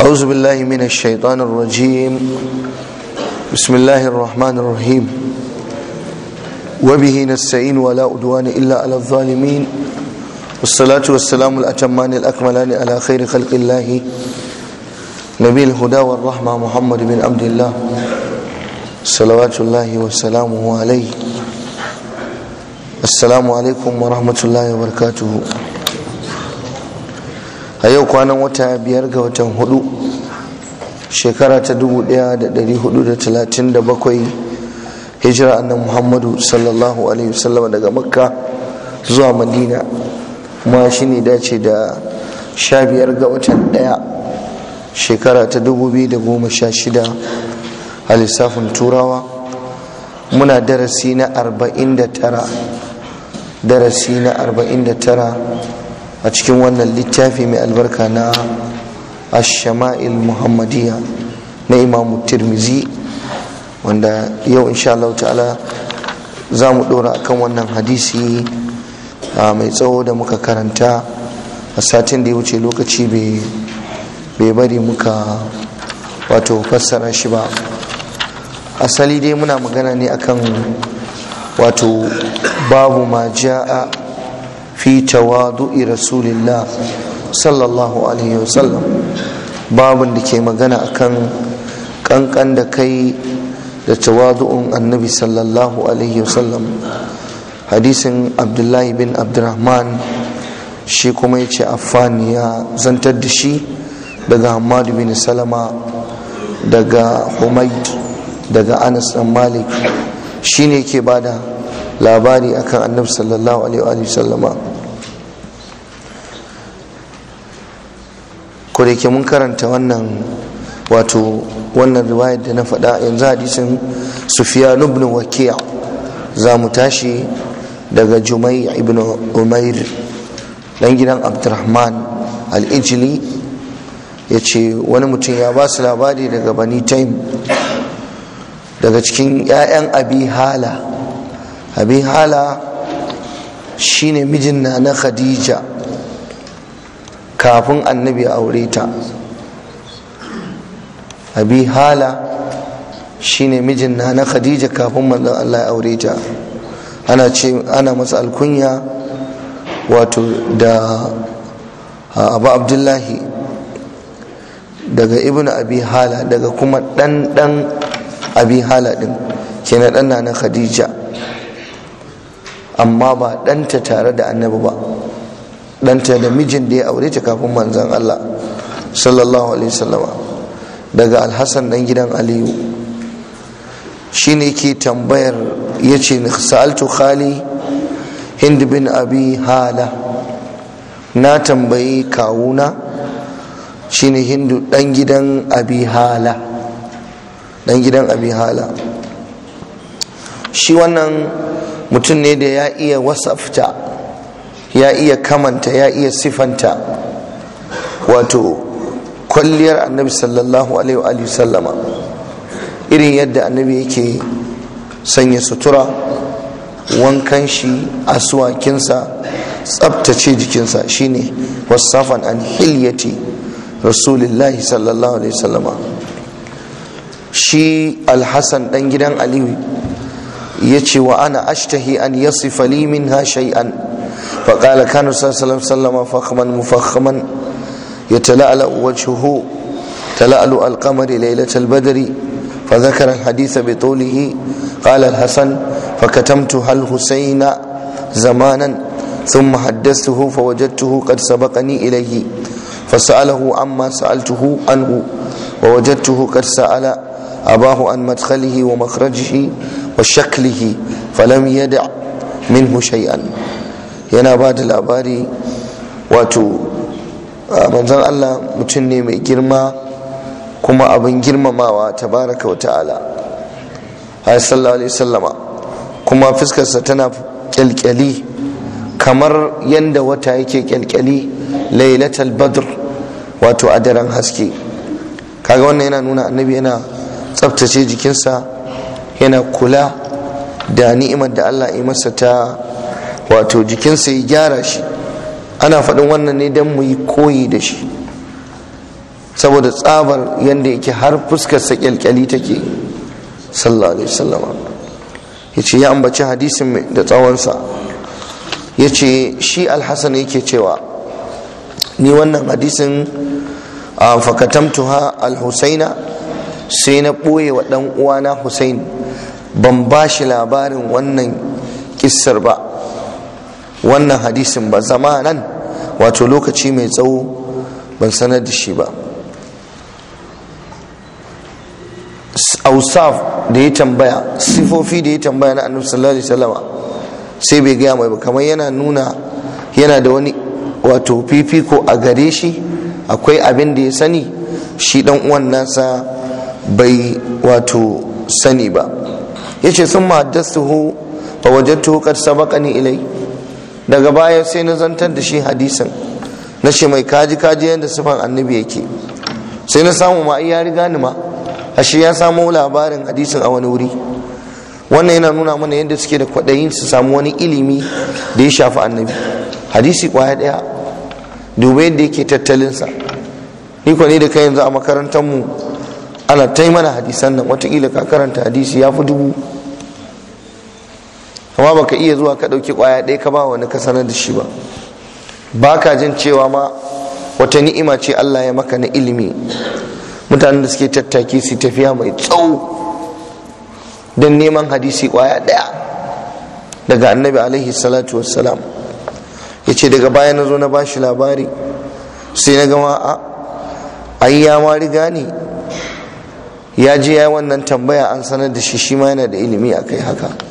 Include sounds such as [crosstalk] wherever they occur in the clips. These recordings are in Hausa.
أعوذ بالله من الشيطان الرجيم بسم الله الرحمن الرحيم وبه نستعين ولا أدوان إلا على الظالمين والصلاة والسلام الأتمان الأكملان على خير خلق الله نبي الهدى والرحمة محمد بن عبد الله صلوات الله وسلامه عليه السلام عليكم ورحمة الله وبركاته a yau kwanan wata biyar ga watan hudu shekara ta dubu daya da da da dari hudu talatin bakwai hijira annan muhammadu sallallahu alaihi wasallam daga makka zuwa madina kuma shi ne dace da sha biyar ga watan daya shekara ta dubu biyu da goma sha shida a lissafin turawa muna darasi na arba'in darasi na a cikin wannan littafi mai albarka na ashama'il muhammadiyya na imamu tirmizi wanda yau insha Allah ta'ala za mu dora akan wannan hadisi mai tsawo da muka karanta a satin da ya wuce lokaci bai bari muka wato fassara shi ba asali dai muna magana ne akan wato babu ma ja'a fi tawadu'i rasulillah sallallahu alaihi wasallam babin da ke magana akan kankan da kai da tawadu'un annabi sallallahu alaihi wasallam hadisin abdullahi bin abdurrahman shi kuma ya ce affan ya zantar da shi daga hamadu bin salama daga humaid daga anas dan malik shine ne ke bada labari akan annabi sallallahu alaihi wasallama ko da mun karanta wannan wato wannan riwayar da na faɗa yanzu hadisin Sufiya ibn wakiya za mu tashi daga jumai ibn umair dan gidan abdurrahman al-ijli ya ce wani mutum ya ba su labari daga bani taim daga cikin 'ya'yan abi hala abi hala shine mijin na na khadija kafin annabi a aure ta abi hala shine mijin na na khadija kafin manzon Allah ya aure ta ana ce ana masa alkunya wato da abu abdullahi daga ibn abi hala daga kuma dan dan abi hala din kenan dan na khadija amma ba ɗanta tare da annabi ba ɗanta da mijin da ya aure ta kafin manzan Allah sallallahu alaihi wasallama daga alhassan dan gidan aliyu shine ke tambayar ya ce sa'altu khali hind bin abi hala na tambayi kawuna shine hindu dan gidan abi hala dan gidan abi hala shi wannan mutum ne da ya iya wasafta ya iya kamanta ya iya sifanta wato kwalliyar annabi sallallahu alaihi sallama irin yadda annabi yake sanya sutura wankan shi asuwakinsa tsabtace jikinsa shine wasafan an hilyati rasulillahi sallallahu alaihi sallama shi alhassan dan gidan aliyu ya ce wa ana ashtahi an yasifa minha shay'an فقال كان الرسول صلى الله عليه وسلم فخما مفخما يتلألأ وجهه تلألؤ القمر ليلة البدر فذكر الحديث بطوله قال الحسن فكتمتها الحسين زمانا ثم حدثته فوجدته قد سبقني إليه فسأله عما سألته عنه ووجدته قد سأل أباه عن مدخله ومخرجه وشكله فلم يدع منه شيئا yana ba da labari wato manzon Allah mutum ne mai girma kuma abin girmamawa tabaraka wa ta'ala sallallahu alaihi sallama kuma fuskarsa tana kyalkyali kamar yadda wata yake kyalkyali lailatul badr wato a daren haske kaga wannan yana nuna annabi yana tsabtace jikinsa yana kula da ni'imar da Allah ya masa ta wato jikinsa ya gyara shi ana faɗin wannan ne don mu yi koyi da shi saboda tsabar yadda yake har fuskarsa kyalkyali take sallallahu alaihi wasallam ya ce ya ambaci hadisin da tsawonsa ya ce shi alhassan yake cewa ni wannan hadisin a al alhusaina sai na ɓoye wa ɗan uwana husain ban ba shi labarin wannan kissar ba wannan hadisin ba zama nan? wato lokaci mai tsawo ban sanar da shi ba ausaf da ya tambaya sifofi da ya tambaya na annabi sallallahu alaihi sai bai gaya mai ba kamar yana nuna yana da wani wato fifiko a gare shi akwai abin da ya sani shi dan uwan nasa bai wato sani ba yace sun ma haddasuhu fa wajadtuhu qad sabaqani ilai daga baya sai na zantar da shi hadisin na shi mai kaji kaji yadda sifan annabi yake sai na samu ma ya riga ni ma shi ya samo labarin hadisin a wani wuri wannan yana nuna mana yadda suke da kwaɗayin su samu wani ilimi da ya shafi annabi hadisi kwaya ɗaya dubai yadda yake tattalinsa ni ne da kai yanzu a makarantar mu ana taimana hadisan nan watakila ka karanta hadisi ya fi dubu amma baka iya zuwa ka ɗauki kwaya ɗaya ka ba wani ka sanar da shi ba ba ka jin cewa ma wata ni'ima ce Allah ya maka na ilimi mutanen da suke tattaki su tafiya mai tsawo don neman hadisi kwaya ɗaya daga annabi alaihi salatu wassalam ya ce daga baya na zo na bashi labari sai na gama a ai ya ma riga ne ya je ya wannan tambaya an sanar da shi shi ma yana da ilimi a kai haka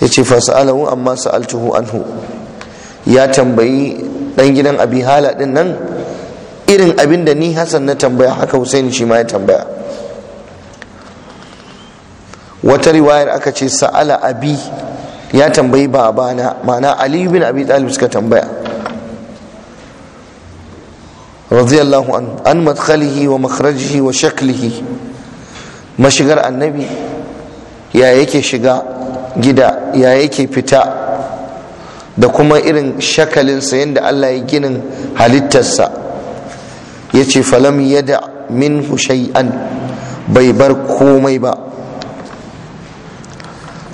yace fasalahu amma sa'altuhu anhu ya tambayi dan gidan abi hala din nan irin abin da ni Hassan na tambaya haka husain shi ma ya tambaya wata riwayar aka ce sa'ala abi ya tambayi babana mana Ali bin Abi Talib suka tambaya radiyallahu an an madkhalihi wa makhrajihi wa shaklihi mashigar annabi ya yake shiga gida ya yake fita da kuma irin shakalinsa yadda Allah ya ginin halittarsa ya ce falam yada min shay'an bai bar komai ba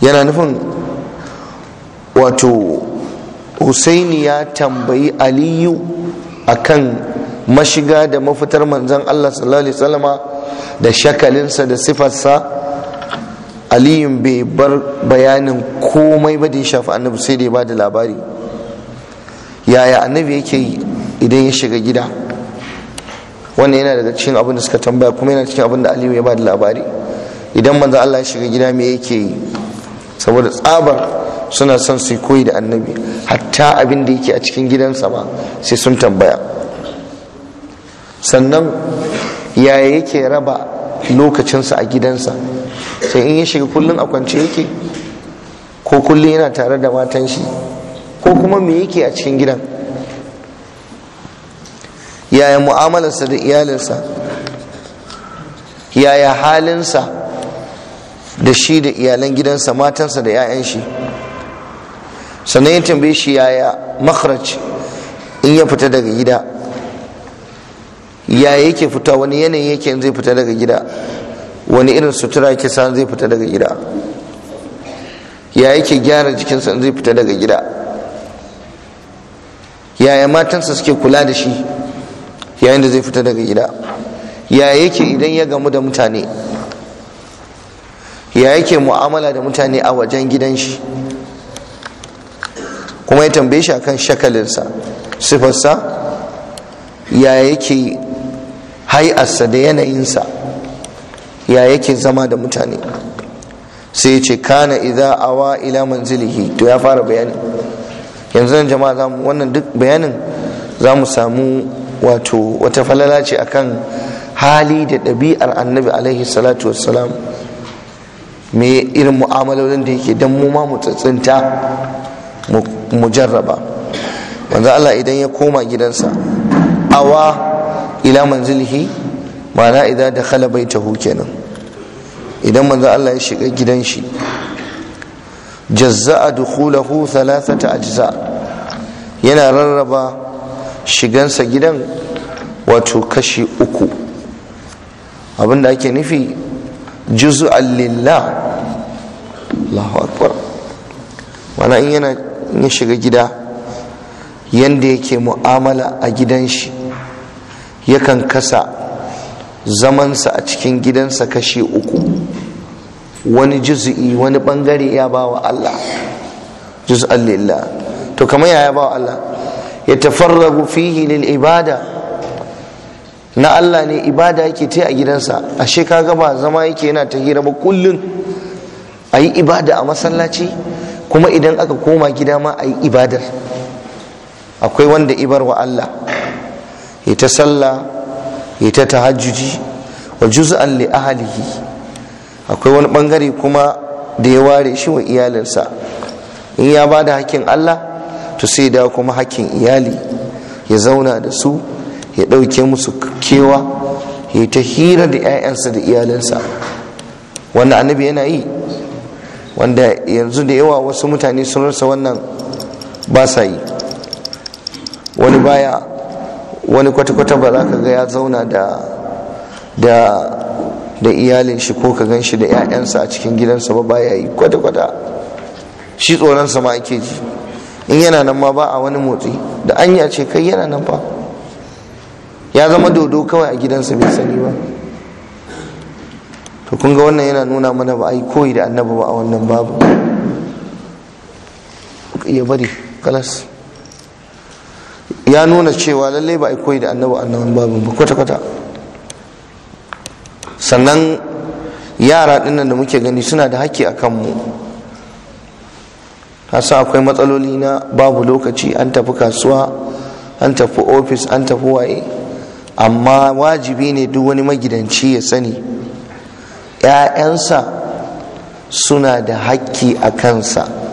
yana nufin wato husaini ya tambayi aliyu akan mashiga da mafitar manzan Allah sallallahu alaihi da shakalinsa da sifarsa aliyun bai bar bayanin komai ba da ya shafi annabi sai da ya bada labari yaya annabi yake yi idan ya shiga gida wannan yana daga cikin abin da suka tambaya kuma yana cikin abin da aliyu ya da labari idan manzo Allah ya shiga gida me yake yi saboda tsabar suna son su koyi da annabi hatta abin da yake a cikin gidansa ba sai sun tambaya sannan yaya yake raba lokacinsa a gidansa sai in ya shiga kullum a kwance yake ko kullum yana tare da matan shi ko kuma me yake a cikin gidan yaya mu'amalarsa da iyalinsa yaya halinsa da shi da iyalan gidansa matansa da 'ya'yan shi sannan ya tambaye shi yaya makharaj in ya fita daga gida ya yake fita wani yanayi yake zai fita daga gida wani irin sutura yake sa zai fita daga gida ya yake gyara jikinsa zai fita daga gida yaya matansa suke kula da shi yayin da zai fita daga gida ya yake idan ya gamu da mutane ya yake mu'amala da mutane a wajen gidan shi kuma ya tambaye shi akan shakalinsa sifarsa ya yake hai'arsa da yanayinsa ya yake zama da mutane sai ce kana idza awa ila manzilihi to ya fara bayani yanzu nan jama'a mu wannan duk bayanin za mu samu wato wata falala ce akan hali da ɗabi'ar annabi alaihi salatu wassalam me irin mu'amalolin da yake dan mu ma mu tsintsinta mu jarraba wanzu Allah idan ya koma gidansa awa ila manzilihi ma'ana idan da kala ta huke kenan idan manzo Allah ya shiga gidan shi jazza'a dukhulahu thalathata ajza yana rarraba shigansa gidan wato kashi uku abinda ake nufi juz'an lillah Allahu akbar mana in yana ya shiga gida yanda yake mu'amala a gidan shi yakan kasa zamansa a cikin gidansa kashe uku wani juzu'i wani bangare ya ba wa Allah juz'an lillah to kamar ya ba wa Allah ya tafarragu fihi lil ibada na Allah ne ibada yake ta a gidansa ashe ka gaba zama yake yana ta hira ba kullun yi ibada a masallaci kuma idan aka koma gida ma a yi ibadar akwai wanda ibar wa Allah ya sallah ya ta tahajjuji wa juz'an li ahlihi akwai wani bangare kuma da ya ware shi wa iyalinsa in ya ba da hakkin Allah to sai da kuma hakkin iyali ya zauna da su ya dauke musu kewa ya ta hira da 'ya'yansa da iyalinsa wanda annabi yana yi wanda yanzu da yawa wasu mutane sun rasa wannan ba sa yi wani baya wani kwata-kwata ba za ka ga ya zauna da da iyalin shi ko ka gan shi da 'ya'yansa a cikin gidansa ba baya yi kwata-kwata shi tsoronsa ma ake ji in yana nan ma ba a wani motsi da anya ce kai yana nan fa. ya zama dodo kawai a gidansa bai sani ba to kun ga wannan yana nuna mana ba ai yi koyi da annabi ba a wannan babu ya bari kalas ya nuna cewa lallai ba a koyi da annabi annaban babu ba kwata-kwata sannan yara dinnan da muke gani suna da haƙƙi a kanmu hasa akwai matsaloli na babu lokaci an tafi kasuwa an tafi ofis an tafi waye amma wajibi ne duk wani magidanci ya sani 'ya'yansa suna da haƙƙi a kansa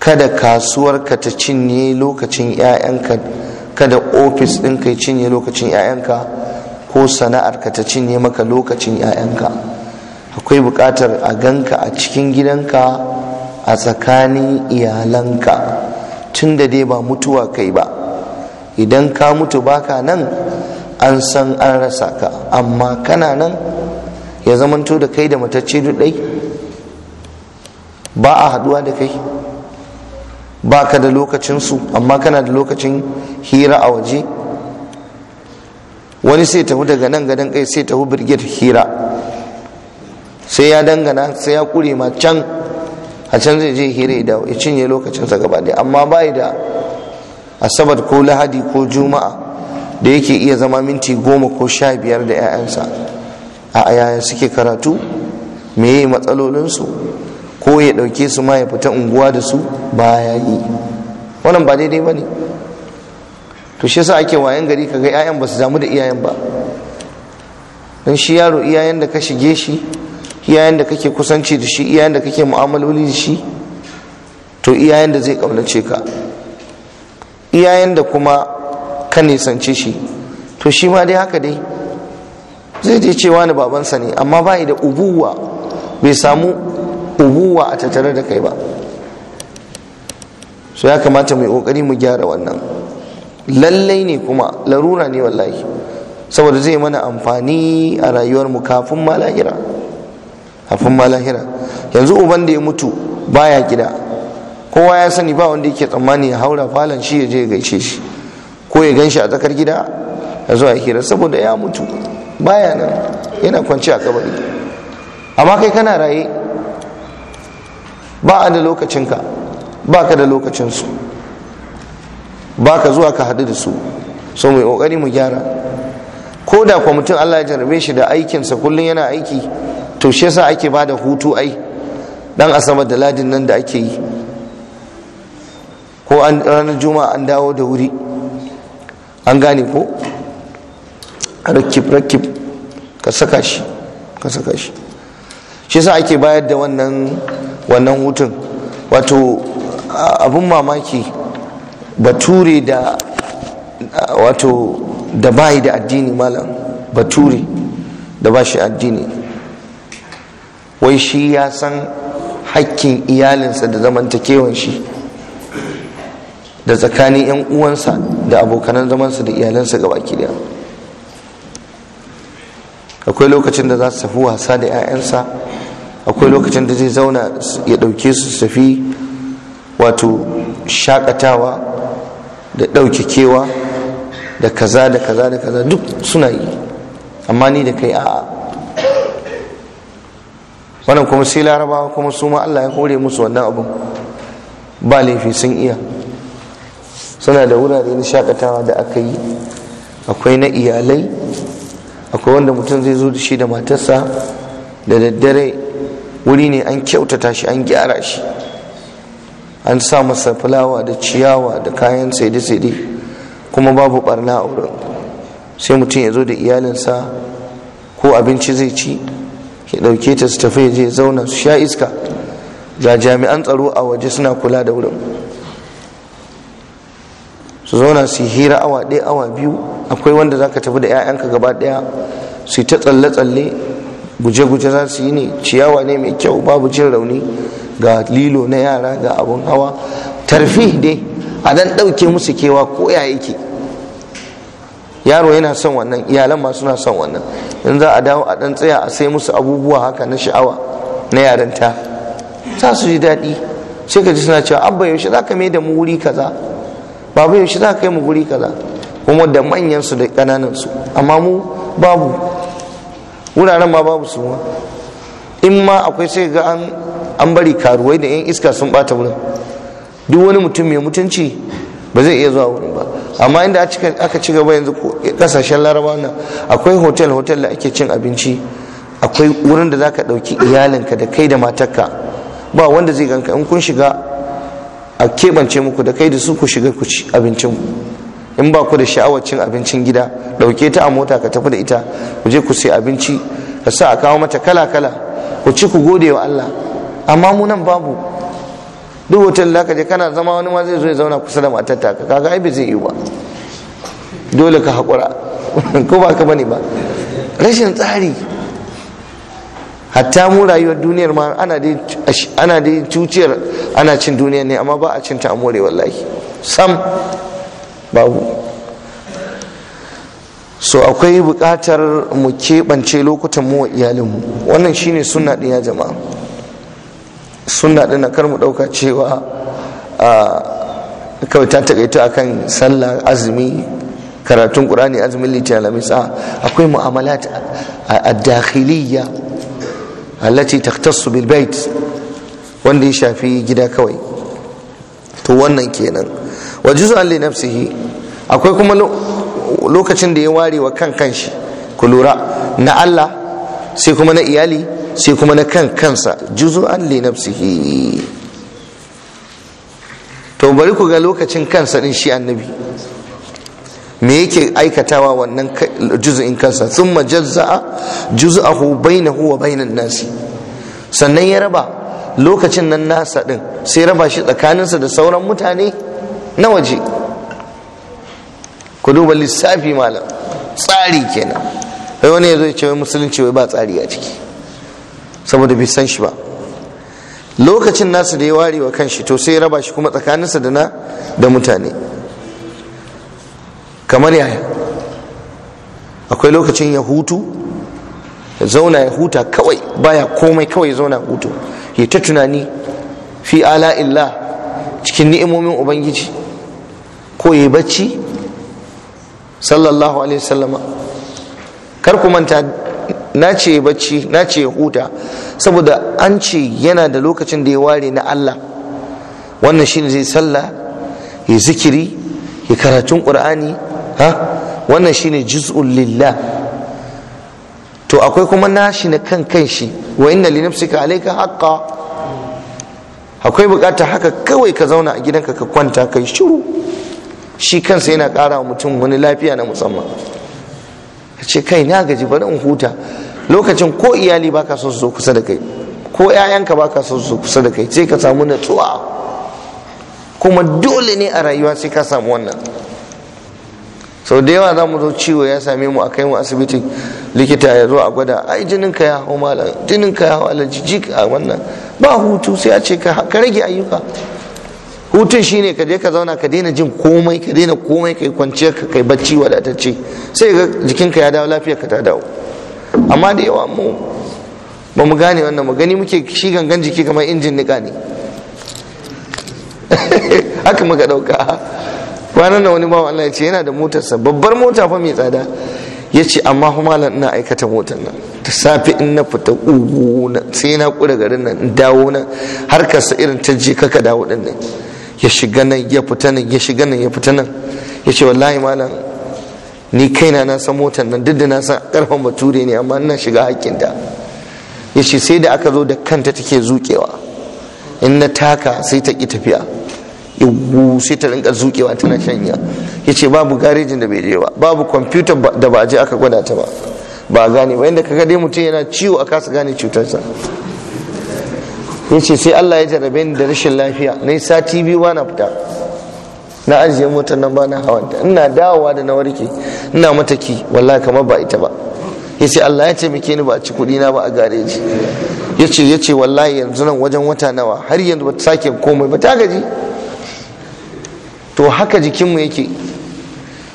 kada kasuwar ka ta cinye lokacin 'ya'yanka kada ofis ɗinka ka cinye lokacin 'ya'yanka ko sana'arka ta cinye maka lokacin 'ya'yanka akwai buƙatar a ganka a cikin gidanka a tsakanin iyalanka tun da dai ba mutuwa kai ba idan ka mutu baka nan an san an rasa ka amma kana nan ya zamanto da kai da matacce duk ba a haɗuwa da kai ba ka da lokacinsu amma kana da lokacin hira a waje wani sai tafi daga nan gadon kai sai tafi birgit hira sai ya dangana sai ya kure ma can a can zai je hira ya dawo ya cinye lokacinsa gaba ɗaya amma ba da asabar ko lahadi ko juma'a da yake iya zama minti goma ko sha biyar da 'ya'yansa a yaya suke karatu meye matsalolinsu ko ya ɗauke su ma ya fita unguwa da su ba ya yi wannan ba daidai ba ne to shi sa ake wayan gari kaga 'ya'yan ba su zamu da iyayen ba don shi yaro iyayen da ka shige shi iyayen da kake kusanci da shi iyayen da kake mu'amaloli da shi to iyayen da zai kaunace ka iyayen da kuma ka nisance shi to shi ma dai haka dai zai je cewa ni babansa ne amma ba da ubuwa bai samu ubuwa a tattare da kai ba so ya kamata mai kokari mu gyara wannan lallai ne kuma larura ne wallahi saboda zai mana amfani a rayuwar mu kafin ma lahira kafin ma lahira yanzu uban da ya mutu baya gida kowa ya sani ba wanda yake tsammani ya haura falon shi ya je gaishe shi ko ya gan shi a tsakar gida ya zuwa hira saboda ya mutu baya nan yana kwanci a kabari amma kai kana raye ba a da lokacinka ba ka da lokacinsu ba ka zuwa ka haɗu da su so mai ƙoƙari mu gyara ko da kwa mutum allah ya jarabe shi da aikinsa kullum yana aiki to shi yasa ake ba da hutu ai dan asabar da ladin nan da ake yi ko ranar juma'a an dawo da wuri an gane ko rakib rakib ka saka shi ka saka shi shi yasa ake bayar da wannan wannan hutun wato abun mamaki bature da wato da bayi da addini malam bature da ba shi addini wai shi ya san hakkin iyalinsa da zamantakewan shi da tsakanin 'yan uwansa da abokanan zamansa da ga baki daya akwai lokacin da za su tafi wasa da 'ya'yansa akwai lokacin da zai zauna ya ɗauke su safi wato shakatawa da ɗauke kewa da kaza da kaza da kaza duk suna yi amma ni da kai a'a wannan kuma sai larabawa kuma su ma Allah ya kore musu wannan abun ba laifi sun iya suna da wurare na shakatawa da aka yi akwai na iyalai akwai wanda mutum zai zo da shi da matarsa da daddare wuri ne an kyautata shi an gyara shi an sa masa fulawa da ciyawa da kayan saide-saide kuma babu barna a wurin sai mutum ya zo da iyalinsa ko abinci zai ci ya ɗauke ta su tafi ya je zauna su sha iska ga jami'an tsaro a waje suna kula da wurin su zauna su hira awa ɗaya awa biyu akwai wanda zaka tafi da 'ya'yanka gaba ɗaya su yi ta tsalle-tsalle guje-guje za su yi ne ciyawa ne mai kyau babu jin rauni ga lilo na yara ga abun hawa tarfi dai a dan ɗauke musu kewa ko ya yake yaro yana son wannan iyalan ma suna son wannan in za a dawo a dan tsaya a sai musu abubuwa haka na sha'awa na yaranta za su ji daɗi sai ka ji suna cewa abba yaushe za ka mai da mu wuri kaza babu yaushe za ka kai mu wuri kaza kuma da manyansu da ƙananansu, amma mu babu wuraren ma babu su in ma akwai sai ga an bari karuwai da yan iska sun bata wurin duk wani mutum mai mutunci ba zai iya zuwa wurin ba amma inda aka ci gaba yanzu kasashen laraba nan akwai hotel hotel da ake cin abinci akwai wurin da zaka dauki iyalinka da kai da matarka ba wanda zai ganka in kun shiga a keɓance muku da kai da su ku shiga ku ci abincin in ba ku da sha'awar cin abincin gida ɗauke ta a mota ka tafi da ita ku je ku sai abinci ka sa a kawo mata kala kala ku ci ku gode wa Allah amma mu nan babu duk wata da je kana zama wani ma zai zo ya zauna kusa da matar ta kaga ai bai zai yi ba dole ka haƙura [laughs] ko ba ka bane ba rashin tsari hatta mu rayuwar duniyar ma ana dai ana dai cuciyar ana cin duniya ne amma ba a cin ta amore wallahi sam babu so akwai bukatar mu keɓance lokutan mu wa iyalinmu wannan shine sunna ɗin ya jama'a suna ɗin na kar mu ɗauka cewa kawai ta taƙaito kan sallah azumi karatun ƙur'ani azumin litinin alamisa akwai mu'amalat a dakhiliyya allati takhtassu bil bait wanda ya shafi gida kawai to wannan kenan wa juz'an li nafsihi akwai kuma lokacin da ya ware wa kan kanshi ku lura na Allah sai kuma na iyali sai kuma na kan kansa juz'an li nafsihi to bari ku ga lokacin kansa din shi annabi me yake aikatawa wannan in kansa thumma jazza'a juz'ahu bainahu wa bainan nasi sannan ya raba lokacin nan nasa din sai raba shi tsakaninsa da sauran mutane na waje ku duba lissafi malam tsari kenan wai wani ya zo ya ce wai musulunci wai ba tsari a ciki saboda bai san shi ba lokacin nasu da ya ware wa kanshi to sai ya raba shi kuma tsakaninsa da na da mutane kamar yaya akwai lokacin ya hutu ya zauna ya huta kawai baya komai kawai ya zauna hutu ya ta tunani fi ala illa cikin ni'imomin ubangiji ko ya bacci sallallahu alaihi wasallama kar ku manta na ce bacci na ce huta saboda an ce yana da lokacin da ya ware na Allah wannan shine zai sallah ya zikiri ya karatun qur'ani ha wannan shine ne lillah to akwai kuma nashi na kan shi wa inna li nafsika alayka haqqa akwai buƙata haka kawai ka zauna a gidanka ka kwanta kai shiru shi kansa yana ƙara wa mutum wani lafiya na musamman A ce kai na gaji bari in huta lokacin ko iyali ba ka so su kusa da kai ko 'ya'yanka ba ka so su kusa da kai sai ka samu natsuwa kuma dole ne a rayuwa sai ka samu wannan sau da yawa za mu zo ciwo ya same mu a kai mu asibiti likita ya zo a gwada ai jinin ka ya hau malam jinin ka ya hau alaji a wannan ba hutu sai a ce ka rage ayyuka hutun shine ka je ka zauna ka daina jin komai ka daina komai kai kwanciyar ka kai bacci wadatacce sai ga jikinka ya dawo lafiyar ka ta dawo amma da yawa mu ba mu gane wannan mu gani muke shi gangan jiki kamar injin nika ne [laughs] haka muka dauka kwanan da wani bawan Allah ya ce yana da motarsa babbar mota fa mai tsada ya ce amma fa malam ina aikata motar nan ta safe in na fita ugu sai na kura garin nan dawo na harkarsa irin ta je kaka dawo din nan ya shiga nan ya fita nan ya shiga nan ya fita nan ya ce wallahi malam ni kaina na san motar nan duk da na san karfan bature ne amma ina shiga hakkinta ya ce sai da aka zo da kanta take zuƙewa in na taka sai ta ƙi tafiya sai ta rinka zuƙewa tana shanya ya ce babu garejin da bai je ba babu kwamfuta da ba a je aka gwada ta ba ba gane ba inda ka ga dai mutum yana ciwo a kasa gane cutarsa ya ce sai Allah ya jarabe ni da rashin lafiya na yi sati biyu ba na fita na ajiye motar nan ba na hawanta ina dawowa da na warke ina mataki wallahi kamar ba ita ba ya ce Allah ya taimake ni ba a ci kuɗi na ba a gareji ya ce ya ce wallahi yanzu nan wajen wata nawa har yanzu ba ta sake komai ba ta gaji to haka jikinmu yake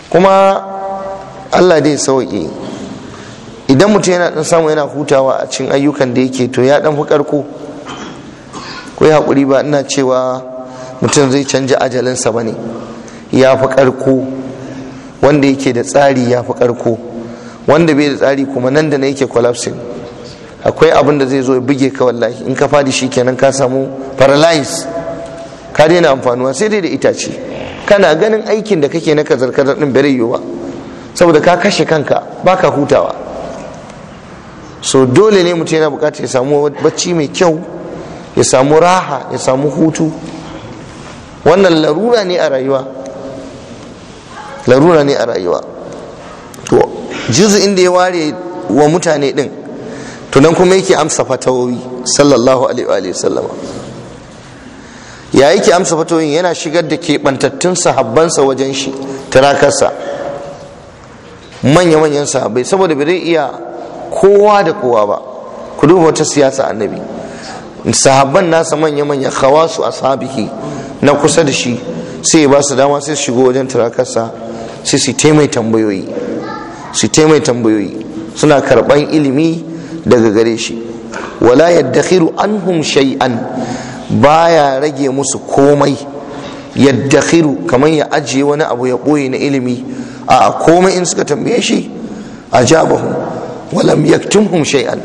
kuma Allah dai sauƙi idan mutum yana dan samu yana hutawa a cikin ayyukan da yake to ya dan fi ƙarko ko ya haƙuri ba ina cewa mutum zai canja ajalinsa ba ne ya fi karko wanda yake da tsari ya fi karko wanda bai da tsari kuma nan da na yake collapsing akwai abin da zai zo ya buge ka wallahi in ka fadi shi kenan ka samu paralyze ka daina amfanuwa sai dai da itace kana ganin aikin da kake na kazar kazar din bare yiwa saboda ka kashe kanka baka hutawa so dole ne mutum yana bukatar ya samu bacci mai kyau ya samu raha ya samu hutu wannan larura ne a rayuwa larura ne a rayuwa to juz'in da ya ware wa mutane din tunan kuma yake amsa fatawoyi sallallahu alaihi wa sallama ya yake amsa fatawoyin yana shigar da keɓantattun sahabbansa wajen shi tarakarsa manya-manyan sahabbai saboda bai iya kowa da kowa ba ku duba wata siyasa annabi sahabban nasa manya-manya hawa su ashabihi na kusa da shi sai ya ba su dama sai su shigo wajen turakarsa sai su taimai tambayoyi su taimai tambayoyi suna karban ilimi daga gare shi wala yaddakhiru anhum shay'an baya rage musu komai yaddakhiru kamar ya ajiye wani abu ya ɓoye na ilimi a komai in suka tambaye shi jabahun walam yaktumhum shay'an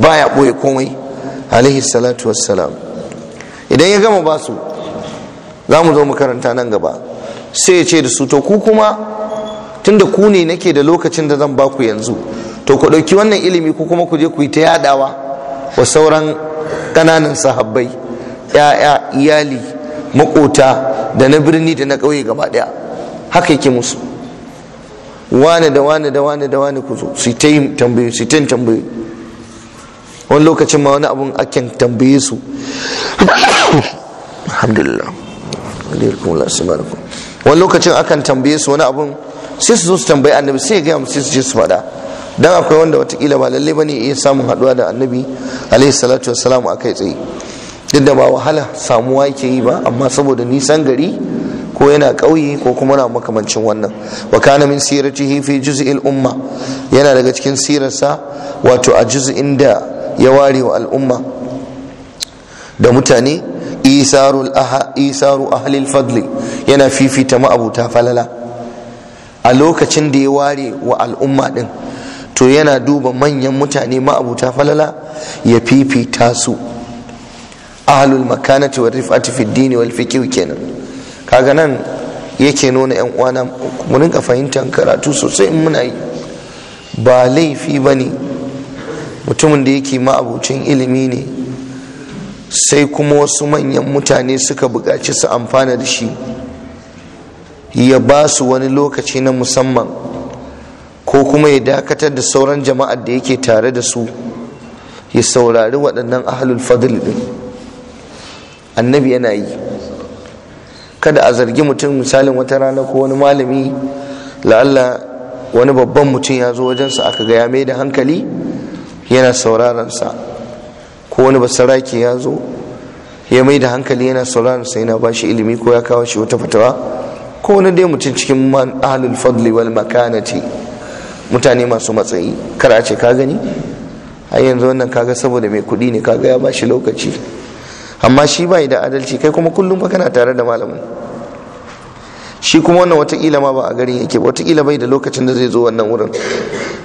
baya ɓoye komai alaihi salatu wassalam idan ya gama ba su za mu zo makaranta nan gaba sai ya ce da su to ku kuma tunda ku ne nake da lokacin da zan baku yanzu to ku ɗauki wannan ilimi ku kuma ku je ku yi ta yadawa wa sauran ƙananan sahabbai ya'ya iyali makota da na birni da na ƙauye gaba ɗaya haka yake musu wane da wane da wane da wane ku zo su yi su tambayoyi wani lokacin ma wani abun akan tambaye su alhamdulillah wani lokacin akan tambaye su wani abun sai su zo su tambayi annabi sai ga gaya musu sai su je su faɗa dan akwai wanda watakila ba lalle bane iya samun haɗuwa da annabi alaihi salatu wassalamu a kai tsaye duk da ba wahala samuwa yake yi ba amma saboda nisan gari ko yana ƙauye ko kuma na makamancin wannan wa kana min siratihi fi juz'il umma yana daga cikin sirarsa wato a juz'in da ya ware wa al'umma da mutane isaru ahlil fadli yana fifita ma'abuta falala a lokacin da ya ware wa al'umma din to yana duba manyan mutane ma'abuta falala ya fifita su ahlul makanati wa rif'ati fi dini wal fiqh kenan kaga nan yake nuna yan uwana mun rinka fahimtar karatu sosai in muna yi ba laifi bane mutumin da yake ma'abucin ilimi ne sai kuma wasu manyan mutane suka buƙaci su amfana da shi ya ba su wani lokaci na musamman ko kuma ya dakatar da sauran jama'ar da yake tare da su ya saurari waɗannan ahalul fadl ɗin annabi yana yi kada a zargi mutum misalin wata rana ko wani malami la'alla wani babban mutum ya zo wajensa aka ga ya mai da hankali yana sa. ko wani basaraki ya zo ya mai da hankali yana sauraronsa yana ba shi ilimi ko ya kawo shi wata fatawa ko wani dai mutum cikin man ahlul fadli wal makanati mutane masu matsayi kar a ce ka gani a yanzu wannan kaga saboda mai kudi ne kaga ya ba shi lokaci amma shi bai da adalci kai kuma kullum fa kana tare da malamin shi kuma wannan watakila ma ba a garin yake watakila bai da lokacin da zai zo wannan wurin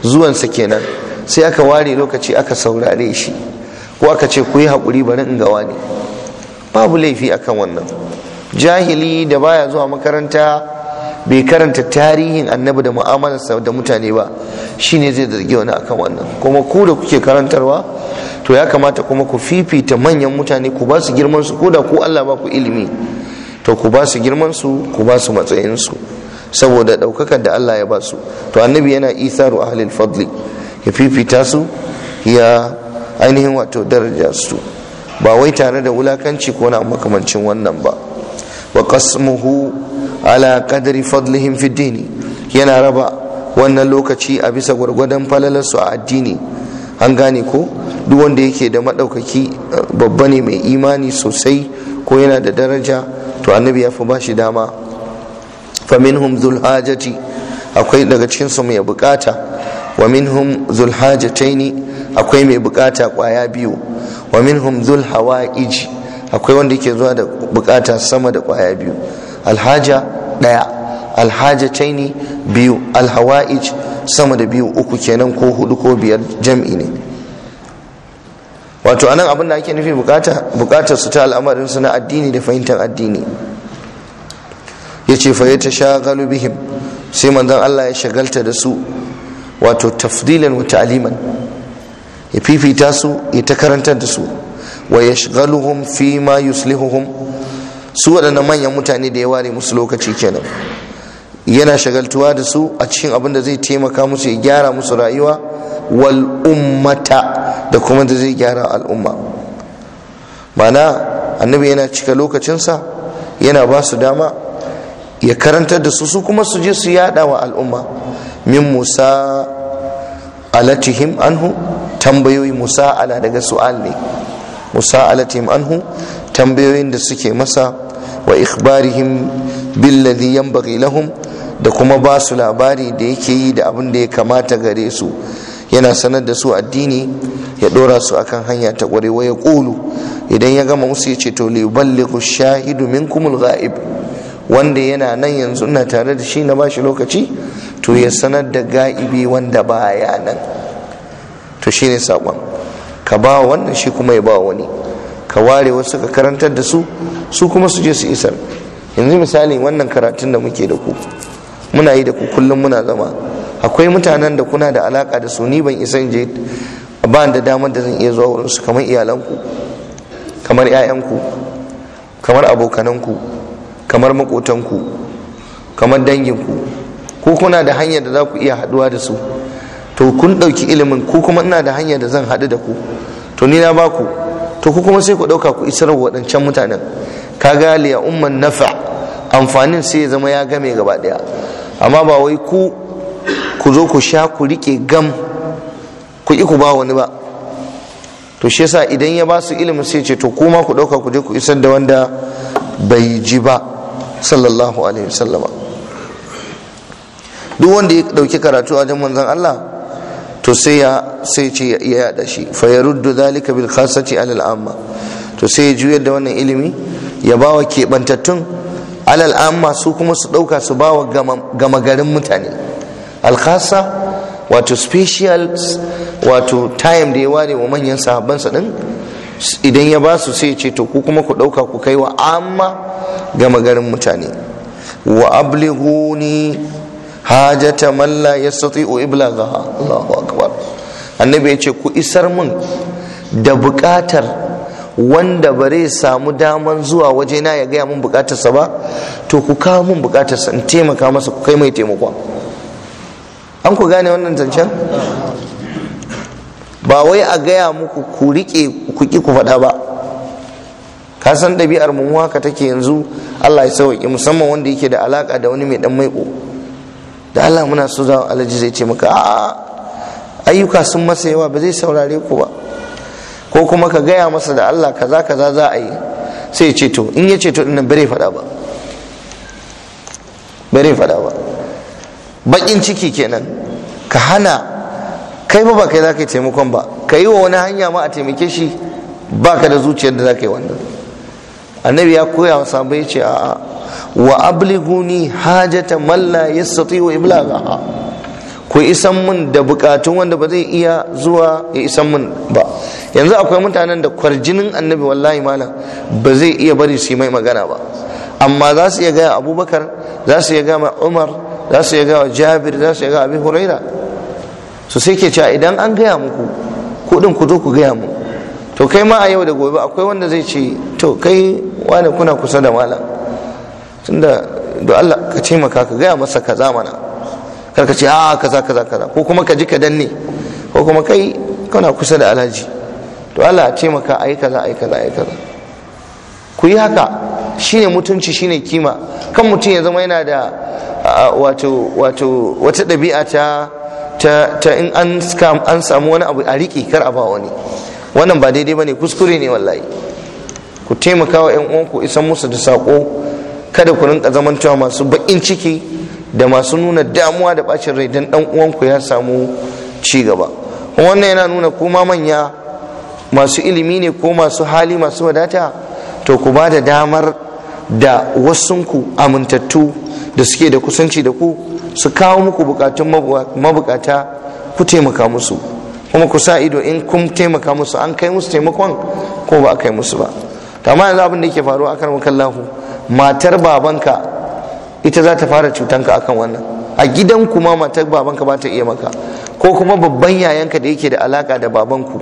zuwansa kenan sai aka ware lokaci aka saurare shi ko aka ce ku yi haƙuri bari in gawa ne babu laifi akan wannan jahili da baya zuwa makaranta bai karanta tarihin annabi da mu'amalarsa da mutane ba shine zai zargi wani akan wannan kuma ku da kuke karantarwa to ya kamata kuma ku fifita manyan mutane ku ba su girman su ko da ku Allah ba ku ilimi to ku ba su girman su ku ba su matsayin su saboda daukakar da Allah ya ba su to annabi yana isaru ahlil fadli ya fifita su ya ainihin wato daraja su ba wai tare da wulakanci ko na makamancin wannan ba wa qasmuhu ala qadri fadlihim fi yana raba wannan lokaci a bisa gwargwadon falalarsu a addini an gane ko duk wanda yake da madaukaki eh, babba ne mai imani sosai ko yana da daraja to annabi ya fi ba shi dama faminhum dhul zulhajati akwai daga cikin su mai bukata wa minhum zul hajataini akwai mai bukata kwaya biyu wa minhum zul hawaiji akwai wanda yake zuwa da bukata sama da kwaya biyu alhaja daya alhajataini biyu alhawaij sama da biyu uku kenan ko hudu ko biyar jam'i ne wato anan abin da ake nufi bukata bukata su ta al'amarin su na addini da fahimtar addini yace fa yata shagalu bihim sai manzon Allah ya shagalta da su wato tafdilan wa ta'liman ya fifita su ya ta karantar da su wa yashghaluhum fi ma yuslihuhum su waɗannan manyan mutane da ya ware musu lokaci kenan yana shagaltuwa da su a cikin abin da zai taimaka musu ya gyara musu rayuwa wal ummata da kuma da zai gyara al'umma mana annabi yana cika lokacinsa yana ba su dama ya karantar da su su kuma su je su yada wa al'umma min musa alatihim anhu tambayoyi musa ala daga su'al ne musa alatihim anhu tambayoyin da suke masa wa ikhbarihim billadhi yanbaghi lahum da kuma ba su labari da yake yi da abin da ya kamata gare su yana sanar da su addini ya dora su akan hanya ta ƙware waya kulu idan ya gama musu ya ce to li ballighu shahidu minkumul ghaib wanda yana nan yanzu ina tare da shi na bashi lokaci to ya sanar da ga'ibi wanda baya nan to shi ne sakon ka ba wannan shi kuma ya ba wani ka ware wasu ka karantar da su su kuma su je su isar yanzu misali wannan karatun da muke da ku muna yi da ku kullum muna zama akwai mutanen da kuna da alaka da su ni ban isa je ba da damar da zan iya zuwa wurin su kamar iyalanku kamar 'ya'yanku kamar abokananku kamar makotanku kamar danginku ko kuna da hanyar da za ku iya haɗuwa da su to kun ɗauki ilimin ko kuma ina da hanyar da zan haɗu da ku to ni na baku to ku kuma sai ku ɗauka ku isar wa waɗancan mutanen kaga liya umman nafa amfanin sai ya zama ya game gaba ɗaya amma ba wai ku ku zo ku sha ku rike gam ku yi ku ba wani ba to shi yasa idan ya ba su ilimin sai ce to kuma ku ɗauka ku je ku isar da wanda bai ji ba sallallahu alaihi wasallama duk wanda ya dauki karatu a jan manzon Allah to sai ya sai ce ya yada shi fa yaruddu zalika bil khassati alal amma to sai ya juyar da wannan ilimi ya bawa kebantattun alal amma su kuma su dauka su bawa gama garin mutane al alkhasa wato special wato time da ya ware wa manyan sa din idan ya ba su sai ce to ku kuma ku dauka ku kai wa amma gama garin mutane wa ablighuni hajata man la yastati'u iblagha Allahu akbar annabi yace ku isar mun da bukatar wanda bare samu daman zuwa waje na ya gaya mun bukatarsa ba to ku kawo mun bukatarsa in taimaka masa ku kai mai taimakon an ku gane wannan zancen ba wai a gaya muku ku riƙe ku ki ku faɗa ba ka san ɗabi'ar mu haka take yanzu Allah ya sauƙi musamman wanda yake da alaƙa da wani mai ɗan maiƙo da Allah muna so za alaji zai ce maka a'a ayyuka sun masa yawa ba zai saurare ku ba ko kuma ka gaya masa da Allah kaza kaza za a yi sai ce to in ya ce to dinnan bare fada ba bare fada ba bakin ciki kenan ka hana kai ba ba kai za ka yi taimakon ba ka yi wa wani hanya ma a taimake shi ba ka da zuciyar da za ka yi wannan annabi ya koya wa sahabbai ya ce a'a wa abliguni hajata man la yastati'u ku isan mun da bukatun wanda ba zai iya zuwa ya isan mun ba yanzu akwai mutanen da kwarjinin annabi wallahi malam ba zai iya bari su mai magana ba amma za su iya gaya abubakar za su iya gaya umar za su iya gaya jabir za su iya gaya abin huraira su sai ke cewa idan an gaya muku kudin ku zo ku gaya mu to kai ma a yau da gobe akwai wanda zai ce to kai wane kuna kusa da malam tunda da Allah ka ce maka ka gaya masa kaza mana kar ka ce a ah, kaza kaza kaza ko kuma ka ji ka danne ko kuma kai kana kusa da alhaji to Allah ce maka ai kaza ai kaza ai kaza ku yi haka shine mutunci shine kima kan mutum ya zama yana da wato wato wata ɗabi'a ta ta in an an samu wani abu a riƙe kar a ba wani wannan ba daidai bane kuskure ne wallahi ku taimaka wa ƴan uwanku isan musu da saƙo kada ku rinka zamantawa masu baƙin ciki da masu nuna damuwa da bacin rai don ɗan uwanku ya samu ci gaba wannan yana nuna kuma manya masu ilimi ne ko masu hali masu wadata to ku ba da damar da wasunku amintattu da suke da kusanci da ku su kawo muku bukatun mabukata ku taimaka musu kuma ku sa ido in kun taimaka musu an kai musu taimakon ko ba a kai musu ba amma yanzu abin da yake faruwa akan makallahu matar babanka ita za ta fara cutanka akan wannan a gidan kuma matar babanka ba ta iya maka ko kuma babban yayanka da yake da alaka da babanku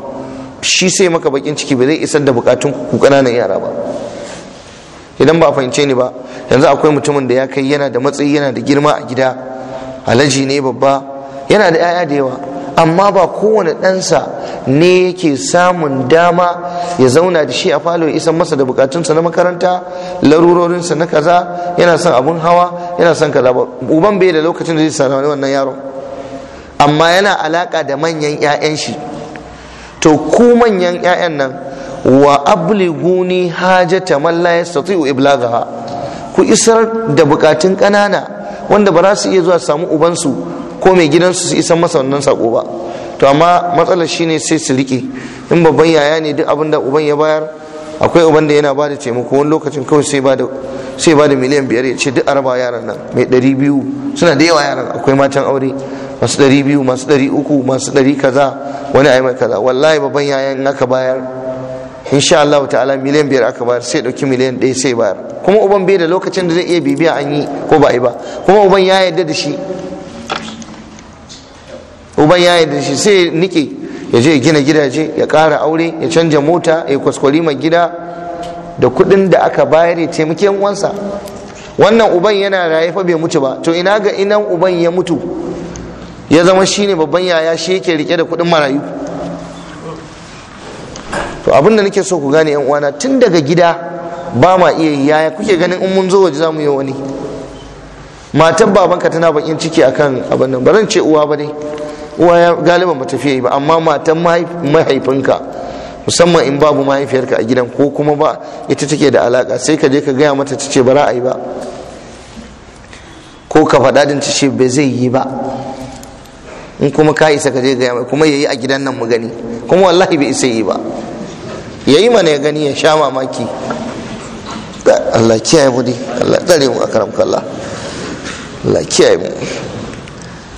shi sai maka bakin ciki ba zai isar da bukatun ku kananan yara ba idan ba fahimce ni ba yanzu akwai mutumin da ya kai yana da matsayi yana da girma a gida alaji ne babba yana da 'ya'ya da yawa amma ba kowane ɗansa ne yake samun dama ya zauna da shi a falo isa masa da bukatunsa na makaranta larurorinsa na kaza yana son abun hawa yana son kaza ba uban bai da lokacin da zai sami wannan yaron amma yana alaka da manyan 'ya'yan shi to ku manyan 'ya'yan nan wa abliguni hajata man la yastati'u iblaghaha ku isar da bukatun ƙanana wanda ba za su iya zuwa samu ubansu ko mai gidansu su isan masa wannan sako ba to amma matsalar shine sai su rike in babban yaya ne duk abin da uban ya bayar akwai uban da yana ba da taimako wani lokacin kawai sai ba da sai ba da miliyan biyar ya ce duk araba yaran nan mai ɗari biyu suna da yawa yaran akwai matan aure masu ɗari biyu masu ɗari uku masu ɗari kaza wani a mai kaza wallahi babban yaya in aka bayar in sha Allah ta'ala miliyan biyar aka bayar sai ɗauki miliyan ɗaya sai bayar kuma uban bai da lokacin da zai iya bibiya an yi ko ba yi ba kuma uban ya yarda da shi kuma ya da shi sai nike ya je gina gidaje ya ƙara aure ya canja mota ya kwaskwari mai gida da kuɗin da aka bayar ya taimaki yan uwansa wannan uban yana raye fa bai mutu ba to ina ga inan uban ya mutu ya zama shine babban yaya shi yake rike da kuɗin marayu to abin da nake so ku gane yan uwana tun daga gida ba ma iya yaya kuke ganin in mun zo waje za mu yi wani matan babanka tana bakin ciki akan abin nan ba zan ce uwa ba dai uwa ya galiba ba ta yi ba amma matan mahaifinka musamman in babu mahaifiyarka a gidan ko kuma ba ita take da alaka sai ka je ka gaya mata ta ce ba ra'ayi ba ko ka faɗa din ta ce ba zai yi ba in kuma ka isa ka je gaya mai kuma yayi a gidan nan mu gani kuma wallahi bai isa yi ba yayi mana ya gani ya sha mamaki Allah kiyaye mu dai Allah tsare mu a karamka Allah Allah kiyaye mu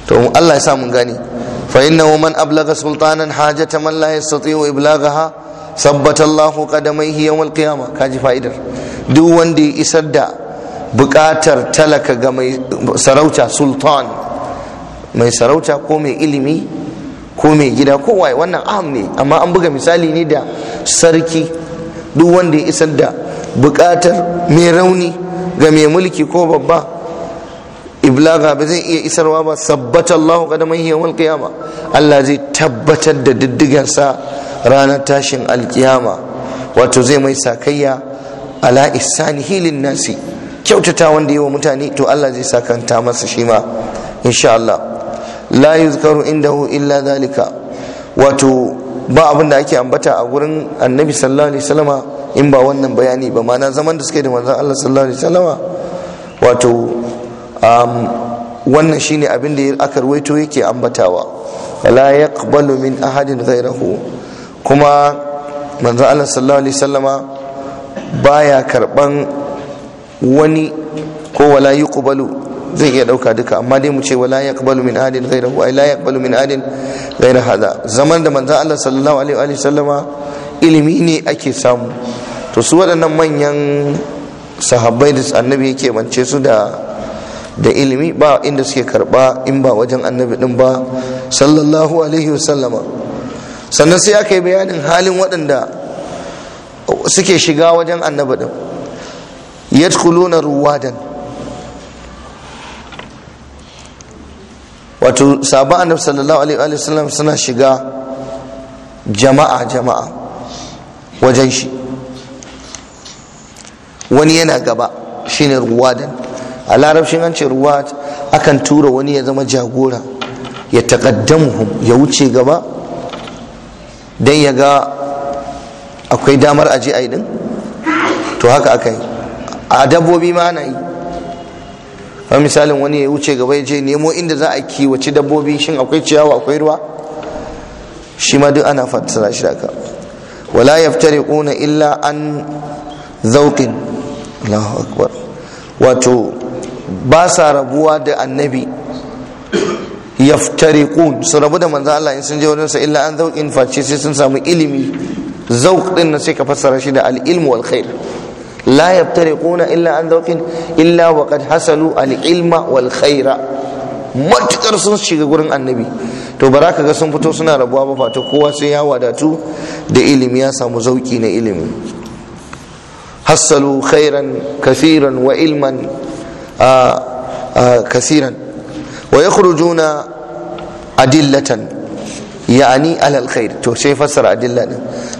to Allah ya sa mun gani فإنه من أبلغ سلطانا حاجة من لا يستطيع إبلاغها ثبت الله قدميه يوم القيامة كاجي فائدة دو واندي إسدى بكاتر تلك سروتا سلطان mai sarauta ko mai ilimi ko mai gida ko waye wannan aham ne amma an buga misali ne da sarki duk wanda ya isar da bukatar mai rauni ga mai mulki ko babba iblaga ba zai iya isarwa ba sabbata Allahu qadamaihi yawmal qiyama Allah zai tabbatar da sa ranar tashin alkiyama wato zai mai sakayya ala ihsanihi hilin nasi kyautata wanda yi wa mutane to Allah zai sakanta masa shi ma insha Allah la yuzkaru indahu illa zalika wato ba abin da ake ambata a gurin annabi sallallahu alaihi wasallama in ba wannan bayani ba ma'ana zaman da suke da manzon Allah sallallahu alaihi wasallama wato Um, wannan shine abin da aka ruwaito yake ambatawa la yaqbalu min ahadin ghayrahu kuma manzo Allah sallallahu alaihi wasallama baya karban wani ko wala yuqbalu zai iya dauka duka amma dai mu ce wala yaqbalu min ahadin ghayrahu ay la yaqbalu min ahadin ghayra hada zaman da manzo Allah sallallahu alaihi wasallama ilimi ne ake samu to su waɗannan manyan sahabbai da annabi yake mance su da da ilimi ba inda suke karba in ba wajen annabi din ba sallallahu alaihi wasallama sannan sai aka yi bayanin halin waɗanda suke shiga wajen annabi din yadkhuluna ruwadan wato sabon annabi sallallahu alaihi wasallam suna shiga jama'a jama'a wajen shi wani yana gaba shine ruwadan a larabcin an ce ruwa akan tura wani ya zama jagora ya taƙaddamuhum ya wuce gaba don ya ga akwai damar aje a din to haka aka yi a dabbobi ma ana yi a misalin wani ya wuce gaba ya je nemo inda za a kiwaci dabbobi shin akwai ciyawa akwai ruwa shi ma duk ana fassara shi haka wala yaftariquna illa an zauqin Allahu akbar wato ba sa rabuwa da annabi yaftariqun su rabu da manzo Allah in sun je wurin sa illa an in face sai sun samu ilimi zau din na sai ka fassara shi da al ilmu wal khair la yaftariquna illa an zaukin illa wa qad hasalu al ilma wal matukar sun shiga gurin annabi to bara ka ga sun fito suna rabuwa ba fata kowa sai ya wadatu da ilimi ya samu zauki na ilimi hasalu khairan kafiran wa ilman كثيرا ويخرجون أدلة يعني على الخير تو سي فسر أدلة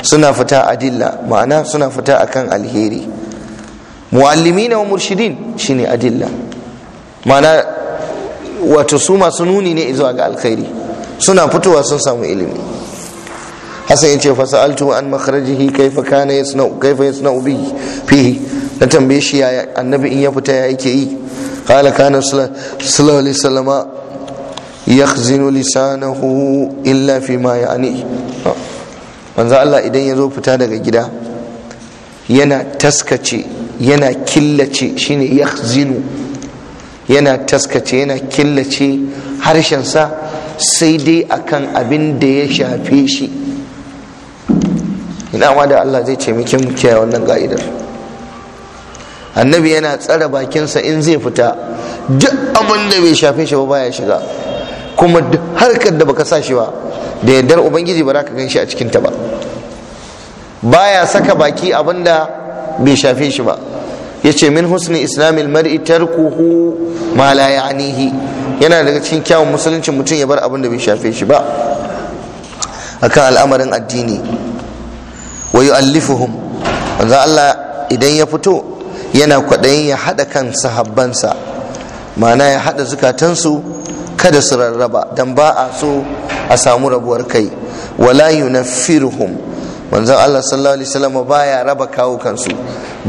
سنة فتاة أدلة معنا سنة فتاة كان الهيري معلمين ومرشدين شيني أدلة معنا وتصوم سنوني نئذو على الخير سنة فتوة سنة ilimi حسن ya ce عن مخرجه كيف كان kana كيف kaifa به فيه نتنبيشي النبي tambaye shi yaya قال كان صلى الله عليه وسلم يخزن لسانه إلا فيما يعنيه manzo Allah idan ya zo fita daga gida yana taskace yana killace shine yakhzinu yana taskace yana killace harshen sa, sai dai akan abin da ya shafe shi ina ma da Allah zai ce mu kiyaye wannan ga'idar annabi yana tsara bakinsa in zai fita duk abin da bai shafe shi ba baya shiga kuma harkar da baka sa shi ba da yardar ubangiji ba za ka gan shi a cikinta ba baya saka baki abin da bai shafe shi ba Ya ce min husni islamil mar'i tarkuhu ma la ya'nihi yana daga cikin kyawun musuluncin mutum ya bar abin da bai shafe shi ba akan al'amarin addini wa yu'allifuhum manzo Allah idan ya fito yana kwaɗayin ya haɗa kan sahabbansa ma'ana ya haɗa zukatansu kada su rarraba don ba a so a samu rabuwar kai wala yunaffiruhum manzon Allah sallallahu alaihi wasallam baya raba kawo kansu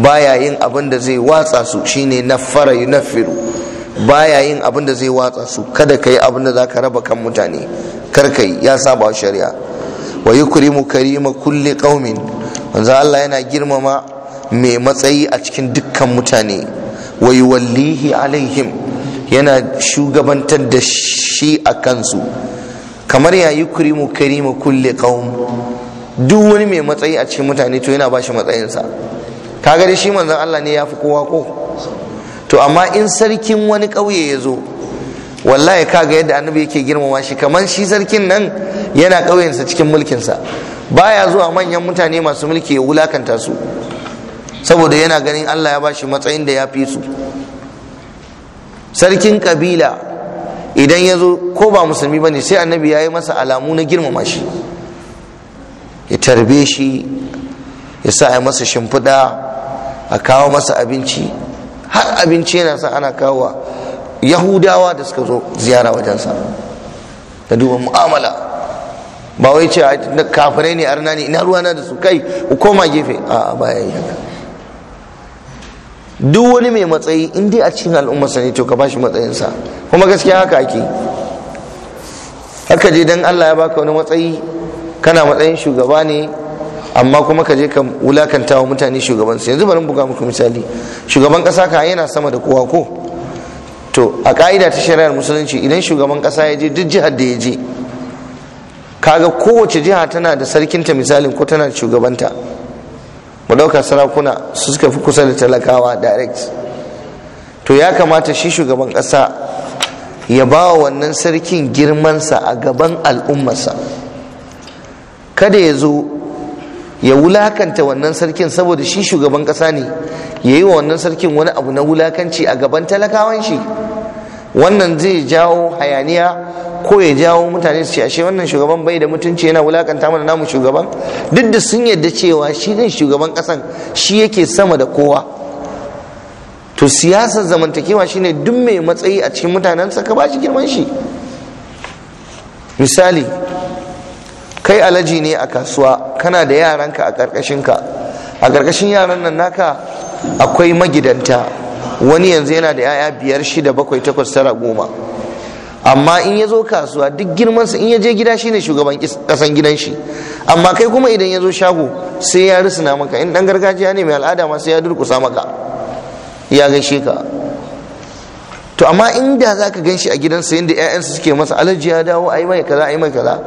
baya yin abin da zai watsa su shine naffara yunaffiru baya yin abin da zai watsa su kada ka yi abin da zaka raba kan mutane kar kai ya saba shari'a wa yukrimu karima kulli qaumin manzon Allah yana girmama mai matsayi a cikin dukkan mutane wai wallihi alaihim yana shugabantar da shi a kansu kamar ya yi kurimu karimu kulle kawun. duk wani mai matsayi a cikin mutane to yana ba shi matsayinsa kaga dai shi manzon Allah ne ya fi kowa ko to amma in sarkin wani ƙauye ya zo ya kaga yadda annabi yake girmama shi kamar shi sarkin nan yana ƙauyensa cikin mulkinsa baya zuwa manyan mutane masu mulki ya wulakanta su saboda yana ganin Allah ya bashi matsayin da ya fi su sarkin kabila idan ya zo ko ba musulmi ba ne sai annabi ya yi masa alamu na girmama shi ya tarbe shi ya sa a masa shimfiɗa a kawo masa abinci har abinci yana sa ana kawo yahudawa da suka zo ziyara wajensa da duba mu'amala ba wai ce kafirai ne arna ne ina ruwana da su kai koma gefe a baya yi haka duk wani mai matsayi in dai a cikin al'ummarsa ne to ka ba bashi matsayinsa kuma gaskiya haka ake haka je dan Allah ya baka wani matsayi kana matsayin shugaba ne amma kuma ka je ka wulakanta wa mutane shugabansu yanzu bari buga muku misali shugaban kasa ka yana sama da kowa ko to a ka'ida ta shari'ar musulunci idan shugaban kasa ya je duk jihar da ya je kaga kowace jiha tana da sarkinta misalin ko tana da shugabanta mu ɗauka sarakuna su suka fi kusa da talakawa direct to ya kamata shi shugaban ƙasa ya ba wa wannan sarkin girmansa a gaban al'ummarsa kada ya zo ya wulakanta wannan sarkin saboda shi shugaban ƙasa ne ya yi wa wannan sarkin wani abu na wulakanci a gaban talakawan shi wannan zai jawo hayaniya ko ya jawo mutane su ce ashe wannan shugaban bai da mutunci yana wulakanta mana namu shugaban duk da sun yarda cewa shi ne shugaban kasan shi yake sama da kowa to siyasar zamantakewa shine duk mai matsayi a cikin mutanensa ka bashi girman shi misali kai alaji ne a kasuwa kana da yaranka a ka, a ƙarƙashin yaran nan naka akwai magidanta wani yanzu yana da 'ya'ya biyar shida bakwai takwas tara goma amma in ya zo kasuwa duk girmansa in ya je gida shine shugaban kasan gidan shi amma kai kuma idan ya zo shago sai ya risina maka in dan gargajiya ne mai al'ada ma sai ya durkusa maka ya gaishe ka to amma inda za ka gan shi a gidansa yadda 'ya'yansa suke masa alaji ya dawo a yi mai kaza a mai kaza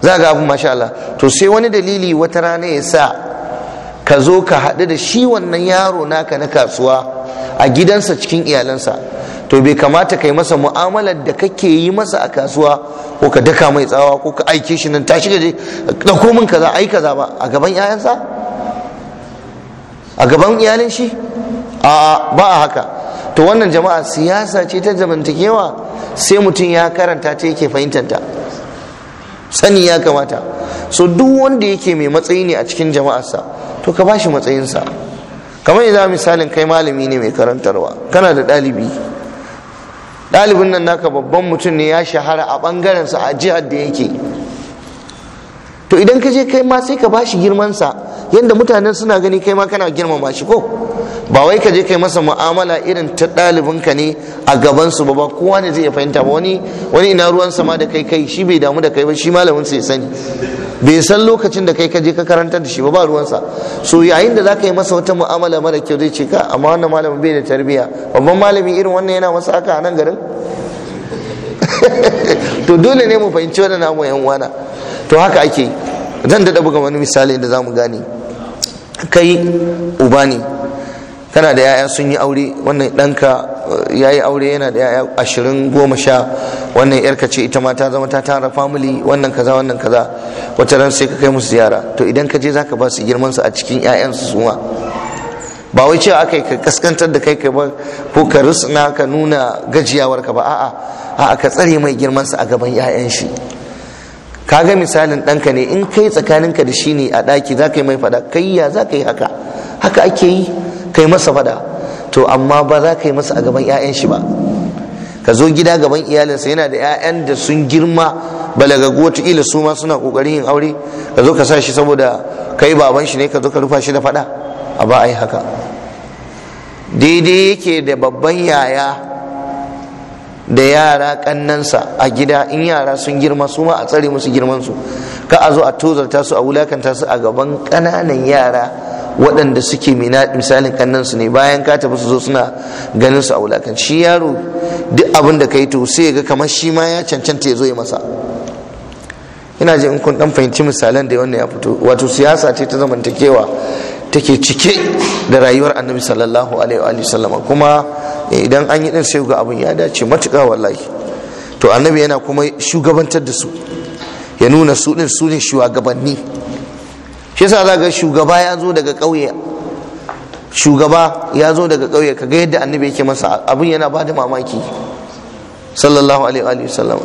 za ga abin masha Allah to sai wani dalili wata rana ya sa ka zo ka haɗu da shi wannan yaro naka na kasuwa a gidansa cikin iyalansa to bai kamata kai masa mu'amalar da kake yi masa a kasuwa ko ka daka mai tsawa ko ka aike shi nan tashi Da dauko min kaza ai kaza ba a gaban yayansa a gaban iyalin shi a ba a haka to wannan jama'a siyasa ce ta zamantakewa sai mutum ya karanta ta yake fahimtanta sani ya kamata so duk wanda yake mai matsayi ne a cikin jama'arsa to ka bashi matsayinsa kamar yanzu misalin kai malami ne mai karantarwa kana da ɗalibi ɗalibin nan naka babban mutum ne ya shahara a sa a jihar da yake to idan kaje kai ma sai ka bashi girmansa yadda mutanen suna gani kai ma kana girmama shi ko ba wai ka je kai masa mu'amala irin ta ɗalibin ka ne a gaban su ba ba kowa ne zai iya fahimta ba wani wani ina ruwan sama da kai kai shi bai damu da kai ba shi malamin sai sani bai san lokacin da kai ka je ka karantar da shi ba ba ruwansa so yayin da zaka yi masa wata mu'amala mara kyau zai ce ka amma wannan malamin bai da tarbiyya babban malami irin wannan yana masa haka a nan garin [laughs] to dole ne mu fahimci wannan namu yan uwana to haka ake zan daɗa buga wani misali da za mu gane kai uba ne kana da yaya sun yi aure wannan ɗanka eh, ya yi aure yana da yaya ashirin goma sha wannan yarka ce ita ma ta zama ta tara family wannan kaza wannan kaza wata ran sai ka kai musu ziyara to idan ka je zaka ba su girman su a cikin yayan su suma ba wai cewa aka ka kaskantar da kai ka ba ko ka rusna ka nuna gajiyawar ka ba a'a a'a ka tsare mai girman su a gaban yayan shi ka ga misalin ɗanka ne in kai tsakaninka da shi ne a ɗaki za ka yi mai faɗa kai ya za ka yi haka haka ake yi kai masa fada to amma ba za ka yi masa a gaban 'ya'yan shi ba ka zo gida gaban iyalinsa yana da 'ya'yan da sun girma balagagu wataƙila su ma suna ƙoƙarin yin aure ka zo ka sa shi saboda kai baban shi ne ka zo ka rufa shi da fada a ba a yi haka daidai yake da babban yaya da yara kannansa a gida in yara sun girma su ma a tsare musu girmansu ka a zo a tozarta su a wulakanta su a gaban ƙananan yara waɗanda suke misalin kannan su ne bayan ka tafi su zo suna ganin su a wulakan shi yaro duk abin da ka yi to sai ga kamar shi ma ya cancanta ya zo ya masa ina ji in kun dan fahimci misalan da wannan ya fito wato siyasa ce ta zamantakewa take cike da rayuwar annabi sallallahu alaihi wa sallama kuma eh, idan an yi din sai ga abin ya dace matuƙa wallahi to annabi yana kuma shugabantar da su ya nuna su din su ne shugabanni shi yasa za ga shugaba ya zo daga ƙauye shugaba ya zo daga ƙauye ka ga yadda annabi yake masa abin yana ba da mamaki sallallahu alaihi wa sallam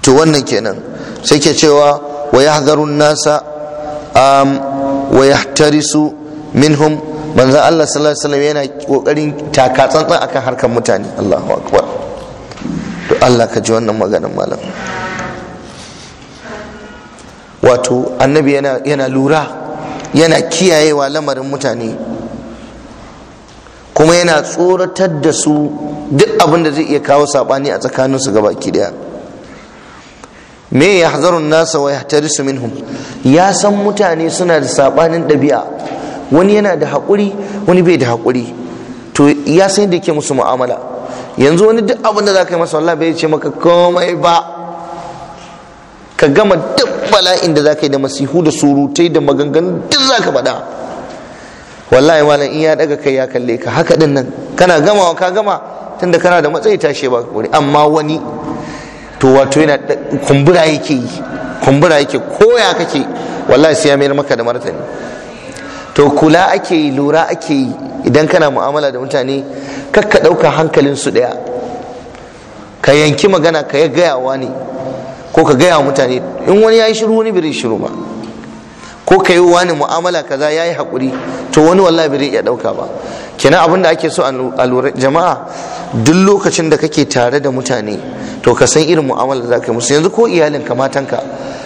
to wannan kenan sai ke cewa wa yahgarun nasa um, wa yahtarisu minhum manzo Allah sallallahu alaihi wasallam yana kokarin taka tsantsan akan harkar mutane Allahu akbar to Allah ka ji wannan maganar malam wato annabi yana lura yana kiyayewa lamarin mutane kuma yana tsoratar da su duk abinda zai iya kawo saɓani a tsakaninsu gaba ki daya me ya hazarun nasa wa yahtarisu minhum ya san mutane suna da saɓanin ɗabi'a wani yana da haƙuri wani bai da haƙuri to ya san da yake musu mu'amala yanzu wani duk abin da za ka yi masa wallah bai ce maka komai ba ka gama duk bala'in da zaka yi da masihu da surutai da maganganu duk zaka faɗa wallahi malam in ya daga kai ya kalle ka haka din nan kana gamawa ka gama tunda kana da matsayi tashi ba wuri amma wani to wato yana kumbura yake yi kumbura yake koya kake wallahi sai ya mayar maka da martani to kula ake yi lura ake yi idan kana mu'amala da mutane kakka ɗauka hankalin su ɗaya ka yanki magana ka ya gayawa ne ko ka gaya mutane in wani ya yi shiru wani bai shiru ba ko ka yi wani mu'amala kaza ya yi haƙuri to wani wallahi bai iya ɗauka ba kenan abin da ake so a lura jama'a duk lokacin da kake tare da mutane to ka san irin mu'amala za ka yi musu yanzu ko iyalin ka matanka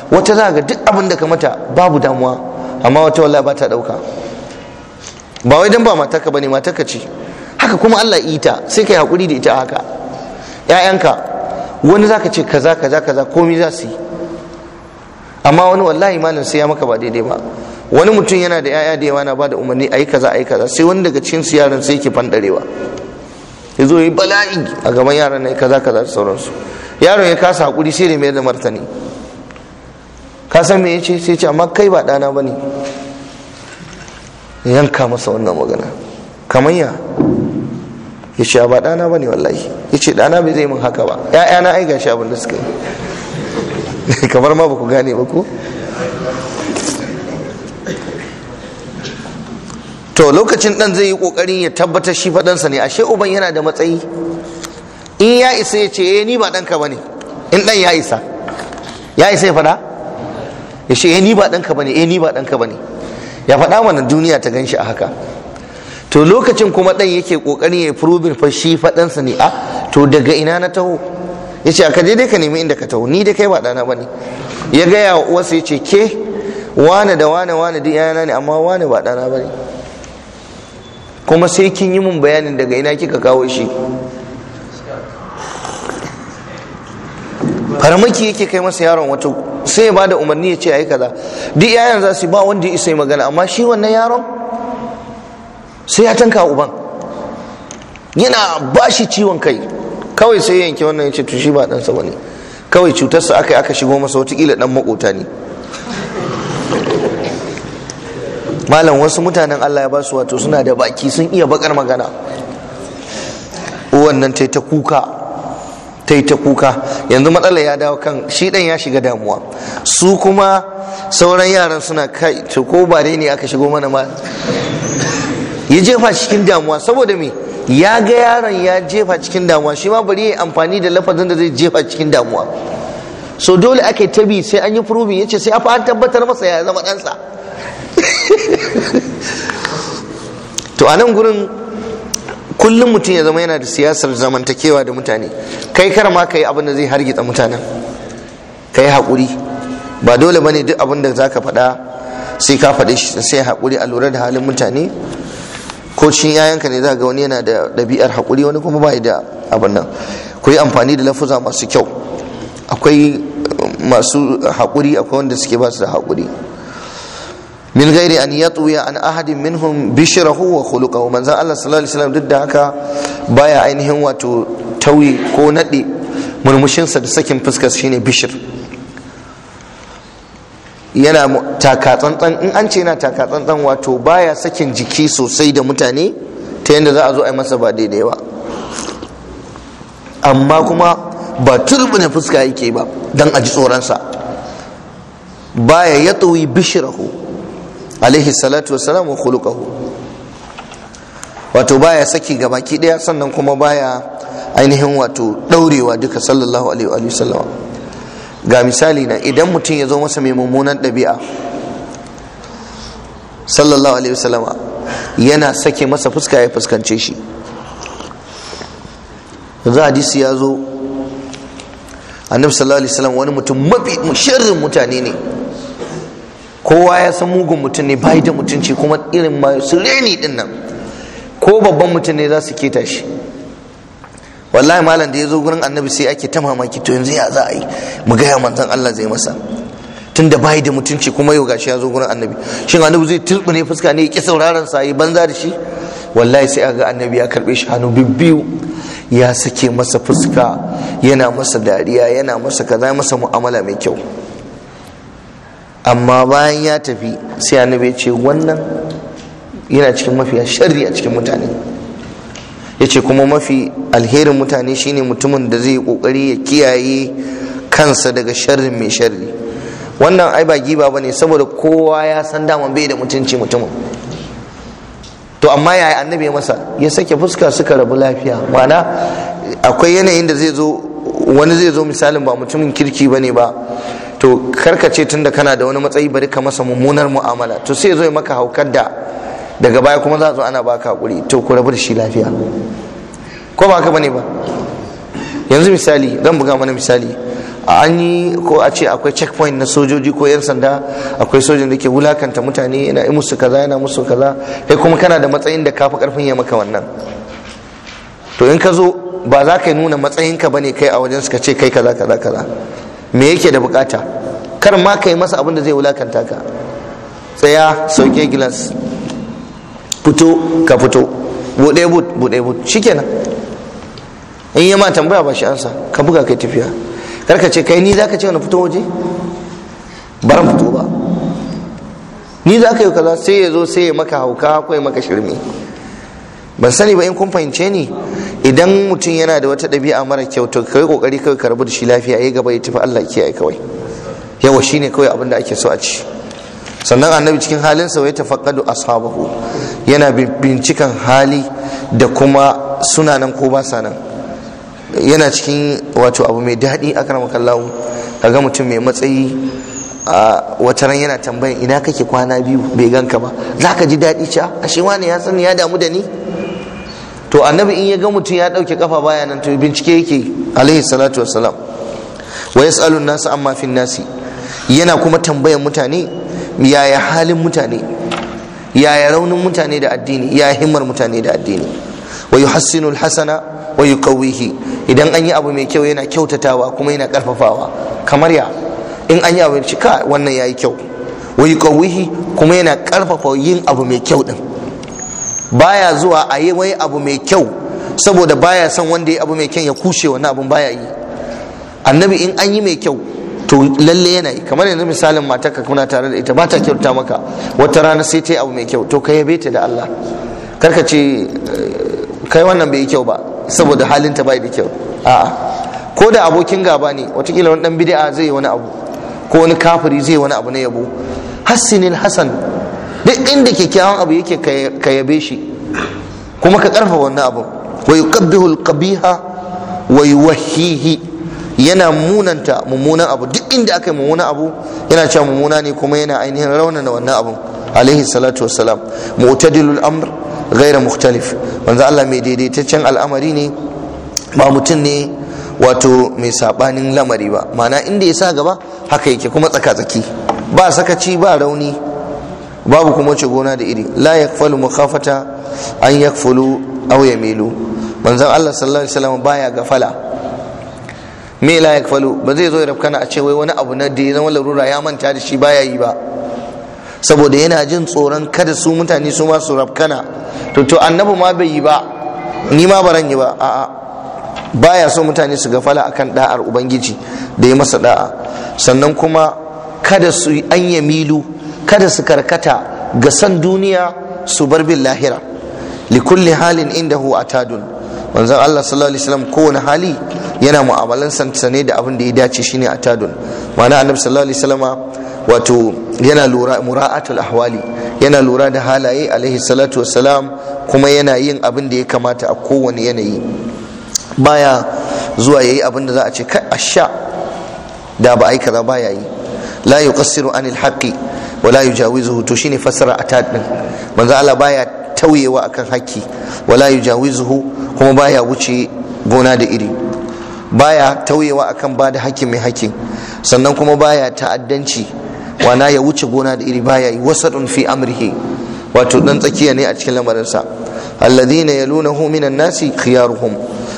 wata za ga duk abin da ka mata babu damuwa amma wata wallahi ba ta ɗauka ba wai dan ba matarka bane matarka ce haka kuma Allah ita sai kai haƙuri da ita haka 'ya'yanka wani za ka ce kaza kaza kaza komai za su yi amma wani wallahi malam sai ya maka ba daidai ba wani mutum yana da yaya da yawa na bada umarni a ayi kaza ayi kaza sai wani daga cikin su yaran sai yake fandarewa ya zo yi bala'i a gaban yaran na kaza kaza da sauransu yaron ya kasa hakuri sai da mai da martani ka san me yace sai ce amma kai ba dana bane yanka masa wannan magana kamar ya ya ce ba ɗana ba ne wallahi ya ce ɗana bai zai min haka ba ‘ya'yana ai shi abin da suka yi [laughs] kamar ma ba ku gane ba ko to lokacin ɗan zai yi ƙoƙarin ya tabbatar shi faɗansa ne ashe uban yana da matsayi in ya isa ya ce ya eh, ni ba ɗanka ba ne in ɗan ya isa ya isa ya faɗa ya ce ya eh, ni ba ɗanka ba ne eh, ni ba ɗanka ba ne ya faɗa mana duniya ta gan shi a haka to lokacin kuma dan yake kokari ya furubin fa shi fadansa ne a to daga ina na taho ya ce aka dai ka nemi inda ka taho ni da kai ba dana ne. ya gaya wa uwarsa ya ce ke wane da wane wane duk yana ne amma wane ba dana ne. kuma sai kin yi mun bayanin daga ina kika kawo shi farmaki yake kai masa yaron wato sai ya bada umarni ya ce ayi kaza duk yayan za su ba wanda ya isa magana amma shi wannan yaron sai ya tanka uban yana ba shi ciwon kai kawai sai yanke wannan ya ce to shi ba ɗansa ba ne kawai cutarsa aka aka shigo masa watakila ɗan makota ne malam wasu mutanen allah ya ba su wato suna da baki sun iya bakar magana wannan ta ta kuka ta ta kuka yanzu matsalar ya dawo kan shi ɗan ya shiga damuwa su kuma sauran yaran suna kai to ko ba ne aka shigo mana ma ya jefa cikin damuwa saboda me ya ga yaron ya jefa cikin damuwa shi ma bari ya amfani da lafazin da zai jefa cikin damuwa so dole ake tabi sai an yi furubi ya ce sai a an tabbatar masa ya zama ɗansa [laughs] to a nan gurin kullum mutum ya zama yana da siyasar zamantakewa da mutane kai kar ma ka yi abin da zai hargitsa mutanen ka yi haƙuri ba dole ba ne duk abin da za ka faɗa sai ka faɗi sai haƙuri a lura da halin mutane ko cikin yayanka ne za ga wani yana da ɗabi'ar haƙuri wani kuma ba da abin nan ku yi amfani da lafuza masu kyau akwai masu haƙuri akwai wanda suke ba su da haƙuri min gairi an yatsuya an ahadin minhum bishirahu wa khuluqahu manzon Allah sallallahu alaihi wasallam duk da haka baya ainihin wato tauye ko naɗe. murmushinsa da sakin fuskar shine bishir yana takatsantsan in an ce yana takatsantsan wato baya sakin jiki sosai da mutane ta yadda za a zo a yi masa ba daidai ba amma kuma ba turbina fuska yake ba don a ji tsoronsa baya ya tsoyi bishirahu alaihi salatu wasalam wa khuluqahu wato baya saki ga baki daya sannan kuma baya ainihin wato daurewa duka sallallahu alaihi wa sallama ga misali na idan mutum ya zo masa mai mummunan ɗabi'a sallallahu alaihi wasallama yana sake masa fuska ya fuskance shi yanzu hadisi ya zo annabi sallallahu alaihi wasallam wani mutum mafi shirin mutane ne kowa ya san mugun mutum ne bai da mutunci kuma irin masu reni din ko babban mutum ne za su keta shi wallahi malam da ya zo gurin annabi sai ake ta mamaki to yanzu ya za a yi mu gaya manzon Allah zai masa tunda bai da mutunci kuma yau gashi ya zo gurin annabi shin annabi zai ne fuska ne ya ki sauraron sa yi banza da shi wallahi sai ga annabi ya karbe shi hannu bibbiyu ya sake masa fuska yana masa dariya yana masa kaza masa mu'amala mai kyau amma bayan ya tafi sai annabi ya ce wannan yana cikin mafiya sharri a cikin mutane Ya ce kuma mafi alherin mutane shine mutumin da zai kokari ya kiyaye kansa daga sharrin mai sharri wannan ai ba giba ne saboda kowa ya san daman bai da mutunci mutumin to amma yaya annabi ya masa ya sake fuska suka rabu lafiya ma'ana akwai yanayin da zai zo wani zai zo misalin ba mutumin kirki ba ne ba to karkace tunda kana da wani matsayi bari ka masa mummunar mu'amala to sai zo ya maka haukar da daga baya kuma za zo ana baka hakuri to ku rabu da shi lafiya ko ba haka bane ba yanzu misali zan buga mana misali an yi ko a ce akwai checkpoint na sojoji ko yan sanda akwai sojin da ke wulakanta mutane yana yi musu kaza yana musu kaza kai kuma kana da matsayin da kafa karfin ya maka wannan to in ka zo ba za ka nuna matsayinka bane kai a wajen suka ce kai kaza kaza kaza me yake da bukata kar ma ka yi masa abin da zai wulakanta ka tsaya sauke gilas fito ka fito buɗe but buɗe but shikenan in yi ma tambaya ba shi ansa ka buga kai tafiya karka ce kai ni za ka ce wani fito waje baran fito ba ni za ka yi kaza sai ya zo sai ya maka hauka ko ya maka shirme ban sani ba in kun fahimce ni idan mutum yana da wata ɗabi'a mara kyau to kai kokari kawai ka rabu da shi lafiya ya gaba ya tafi Allah kiyaye kawai yawa shine kawai abin da ake so a ci sannan annabi cikin halin halinsa ya a ashabahu yana bincikan hali da kuma suna nan ko ba sa nan yana cikin wato abu mai daɗi a akramakallahu kaga mutum mai matsayi wata ran yana tambayan ina kake kwana biyu bai ganka ba za ka ji daɗi ca ashe wani ya sani ya damu da ni to annabi in ya ga mutum ya ɗauke kafa baya nan to bincike yake alaihi salatu wasalam wa yas'alun nasu amma fin nasi yana kuma tambayan mutane yaya halin mutane yaya raunin mutane da addini yaya himmar mutane da addini wa yuhassinul hasana wa yuqawwihi idan an yi abu mai kyau yana kyautatawa kuma yana karfafawa kamar ya in an yi abu shi ka wannan yayi kyau wa yuqawwihi kuma yana karfafa yin abu mai kyau din baya zuwa a yi wai abu mai kyau saboda baya son wanda ya abu mai kyau ya kushe wannan abun baya yi annabi in an yi mai kyau to lalle yana yi kamar yanzu misalin mata ka kuna tare da ita ba ta kyauta maka wata rana sai ta yi abu mai kyau to ka yabe ta da Allah karka ce eh, kai wannan bai yi kyau ba saboda halin ta bai da kyau a'a ko da abokin gaba ne watakila wani dan bid'a zai yi wani abu ko wani kafiri zai yi wani abu na yabo hassinil hasan duk inda kyakkyawan abu yake ka yabe shi kuma ka karfa wannan abu wa yuqabbihu al-qabiha wa yuwahhihi yana munanta mummunan abu duk inda aka yi mummunan abu yana cewa mummuna ne kuma yana ainihin raunin wannan abun alaihi salatu wassalam mu'tadilul amr ghaira mukhtalif wanda Allah mai daidaitaccen al'amari ne ba mutum ne wato mai sabanin lamari ba Mana inda ya sa gaba haka yake kuma tsaka-tsaki ba sakaci ba rauni babu kuma ce gona da iri la yakfalu mukhafata an yakfulu aw yamilu manzon Allah sallallahu alaihi wasallam baya gafala me la falo ba zai zo ya na a ce wai wani abu na da ya zama larura ya manta da shi baya yi ba saboda yana jin tsoron kada su mutane su ma su rabkana, to to annabi ma bai yi ba ni ma baran yi ba a'a baya so mutane su gafala akan da'ar ubangiji da ya masa da'a sannan kuma kada su an an yamilu kada su karkata ga san duniya su bar bin lahira likulli halin indahu atadun Wanzan Allah sallallahu alaihi wasallam kowane hali yana mu'amalansan sa ne da abin da ya dace shine atadun ma'ana annabi sallallahu alaihi wasallama wato yana lura mura'atul ahwali yana lura da halaye alaihi salatu wassalam kuma yana yin abin da ya kamata a kowane yanayi baya zuwa yayi abin da za a ce kai asha da ba ai kaza baya yi la yuqassiru anil haqqi wa la yujawizuhu to shine fasara atad din manzo Allah baya tauyewa akan haƙƙi wala yujawizuhu kuma baya wuce gona da iri baya tauyewa akan ba da haƙƙin mai haƙƙin sannan kuma baya ta'addanci wana ya wuce gona da iri baya yi wasadun fi amrihi wato dan tsakiya ne a cikin lamarinsa alladhina yalunahu minan nasi khiyaruhum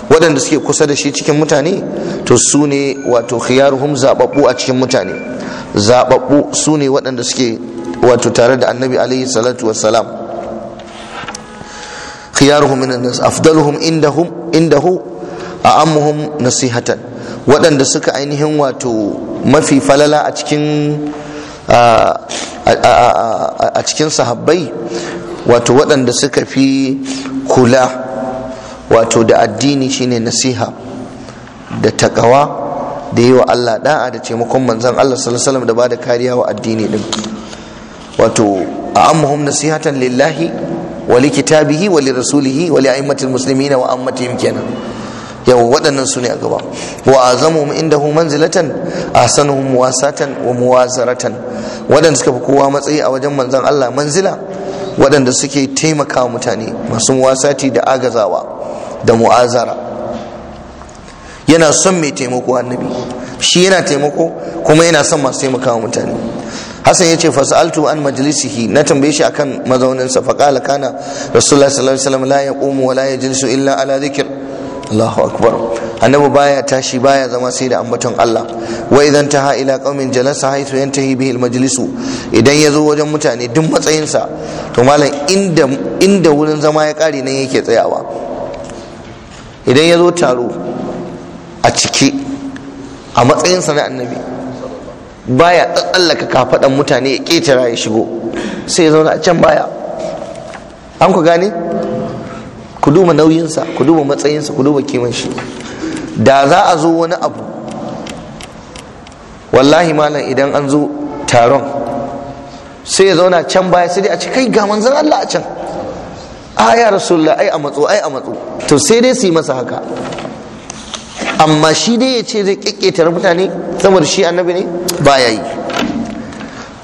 waɗanda suke kusa da shi cikin mutane to su ne wato khiyaruhum zababbu a cikin mutane zababbu su ne waɗanda suke wato tare da annabi alaihi salatu wassalam khiyaruhum minan nas afdaluhum indahum indahu a'ammuhum nasihatan waɗanda suka ainihin wato mafi falala a cikin a cikin sahabbai wato waɗanda suka fi kula wato da addini shine nasiha da takawa da yi wa Allah da'a da taimakon manzan Allah sallallahu da bada kariya wa addini din wato a ammuhum nasihatan lillahi Wali li kitabihi wali rasulihi wali li a'immatil muslimina wa ammatihim yau waɗannan su ne a gaba wa azamuhum indahu manzilatan ahsanuhum muwasatan wa muwazaratan waɗanda suka fi kowa matsayi a wajen manzon Allah manzila waɗanda suke taimaka mutane masu muwasati da agazawa da mu'azara yana son mai taimako annabi shi yana taimako kuma yana son masu taimakawa mutane Hassan ya ce fasaltu an majalisihi na tambaye shi akan mazauninsa faƙala kana rasulullah sallallahu alaihi wasallam la yaqumu wa la yajlisu illa ala dhikr Allahu akbar annabi baya tashi baya zama sai da ambaton Allah wa idan taha ila qaumin jalasa haythu yantahi bihi almajlisu idan yazo wajen mutane duk matsayinsa to malam inda inda wurin zama ya kare nan yake tsayawa idan yazo taro a ciki a matsayinsa na annabi baya tsallaka kafaɗan mutane ya ƙetare ya shigo sai ya zauna a can baya an ku gane ku duba nauyinsa ku duba matsayinsa ku duba kiman shi da za a zo wani abu wallahi malam idan an zo taron sai ya zauna can baya sai dai a ce kai ga manzan Allah a can a ah, ya rasulullah ai a matso ai a matso to sai dai su yi masa haka amma shi dai ya ce zai kikkitar mutane saboda shi annabi ne ba ya yi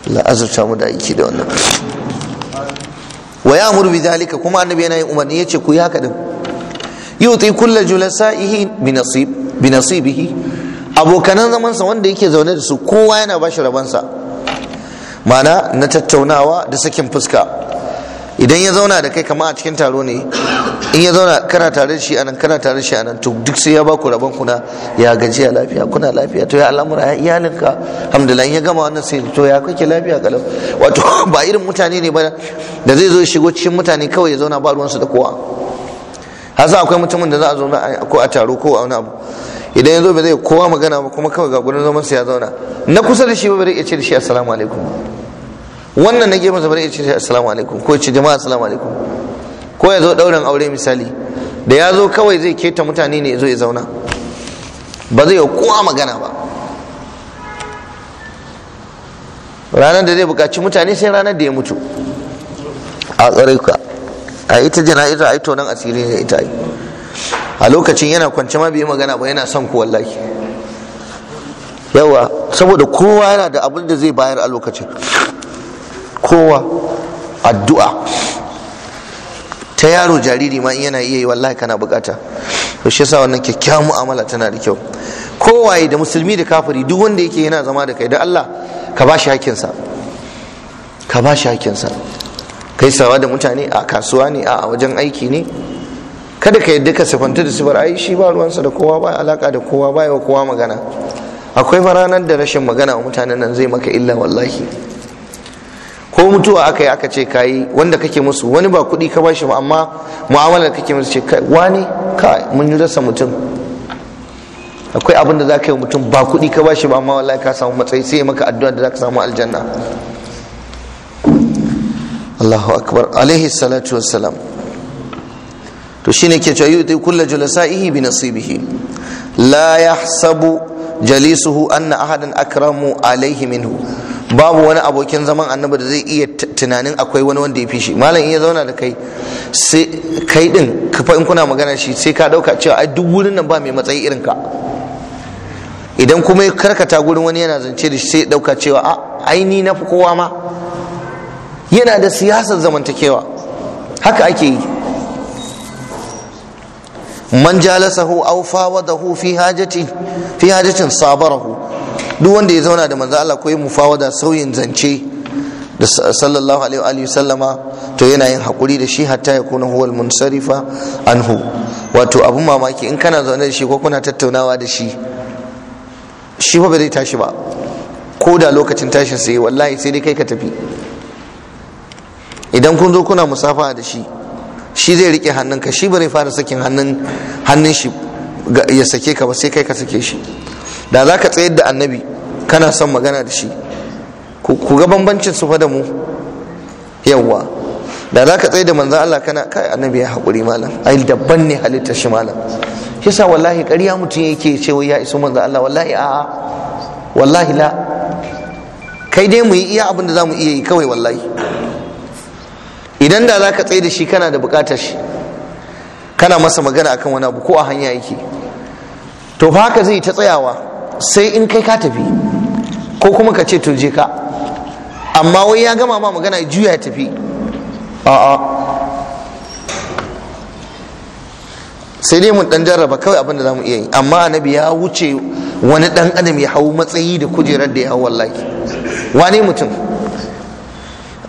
la'azurta mu da aiki da wannan wa ya murbi zalika kuma annabi yana yin umarni ya ce ku yi haka din yuti kulla julasa'ihi bi nasibihi abokanan zamansa wanda yake zaune da su kowa yana bashi rabansa mana na tattaunawa da sakin fuska idan ya zauna da kai kama a cikin taro ne in ya zauna kana tare da shi nan kana tare da shi nan to duk sai ya ba ku rabon kuna ya gaji ya lafiya kuna lafiya to ya al'amura ya iyalinka alhamdulillah ya gama wannan sai to ya kake lafiya kalau wato [laughs] ba irin mutane ne ba da zai zo shigo cikin mutane kawai ya zauna ba ruwansu da kowa hasa akwai mutumin da za a zauna ko a taro ko a wani abu idan ya zo ba zai kowa magana ba kuma kawai ga gurin zaman sa ya zauna na kusa da shi ba bari ya ce da shi assalamu alaikum wannan na gemu zabar ce assalamu alaikum ko ya ce jama'a assalamu alaikum ko ya zo ɗaurin aure misali da ya zo kawai zai keta mutane ne ya zo ya zauna ba zai yau kowa magana ba ranar da zai buƙaci mutane sai ranar da ya mutu a tsare ka a ita jana'iza a ita nan asiri ne ita yi a lokacin yana kwance ma bai magana ba yana son ku wallahi yawa saboda kowa yana da abin da zai bayar a lokacin kowa addu'a ta yaro jariri ma yana iya yi wallahi kana bukata to shi yasa wannan kyakkyawan mu'amala tana da kyau kowaye da musulmi da kafiri duk wanda yake yana zama da kai da Allah ka ba shi hakinsa ka ba shi hakinsa kai sawa da mutane a kasuwa ne a wajen aiki ne kada ka yadda ka sifanta da sifar ai shi ba ruwansa da kowa ba alaka da kowa ba wa kowa magana akwai faranar da rashin magana wa mutanen nan zai maka illa wallahi ko mutuwa aka yi aka ce kayi wanda kake musu wani ba kuɗi ka bashi ba amma mu'amalar kake musu ce kai wani ka mun rasa mutum akwai abin da za ka yi mutum ba kuɗi ka bashi ba amma wallahi ka samu matsayi sai maka addu'a da za ka samu aljanna Allahu akbar alaihi salatu wassalam to shine ke cewa yuti kullu julasa'ihi bi nasibihi la yahsabu jalisuhu anna ahadan akramu alaihi minhu babu wani abokin zaman annabi da zai iya tunanin akwai wani wanda ya fi shi malam in ya zauna da kai sai kai din kafa in kuna magana shi sai ka dauka cewa ai duk wurin nan ba mai matsayi irin ka idan kuma ya karkata gurin wani yana zance da shi sai dauka cewa a ai ni na fi kowa ma yana da siyasar zamantakewa haka ake yi man jalasahu aw fawadahu fi hajati fi hajatin sabarahu duk wanda ya zauna da manzo Allah ko ya mufawada sauyin zance da sallallahu alaihi wa sallama to yana yin hakuri da shi hatta ya kuna huwal munsarifa anhu wato abun mamaki in kana zaune da shi ko kuna tattaunawa da shi shi fa ba zai tashi ba ko da lokacin tashin sai wallahi sai dai kai ka tafi idan kun zo kuna musafaha da shi shi zai rike hannunka shi ba fara sakin hannun hannun shi ya sake ka ba sai kai ka sake shi da za ka tsayar da annabi kana son magana da shi ku ga bambancin su fa da mu yawwa da za ka tsayar da manzan Allah kana kai annabi ya haƙuri malam ai dabban ne halittar shi malam kisa wallahi ƙarya mutum yake ce wai ya iso manzan Allah wallahi a'a wallahi la kai dai mu yi iya abin da za mu iya yi kawai wallahi idan da za ka tsaye da shi kana da bukatar shi kana masa magana akan wani abu ko a hanya yake to fa haka zai ta tsayawa sai in kai ka tafi ko kuma ka ce to je ka amma wai ya gama ma magana juya ya tafi a'a sai dai mun dan jarraba kawai abin da zamu iya yi amma annabi ya wuce wani dan adam ya hau matsayi da kujerar da ya hau wallahi wane mutum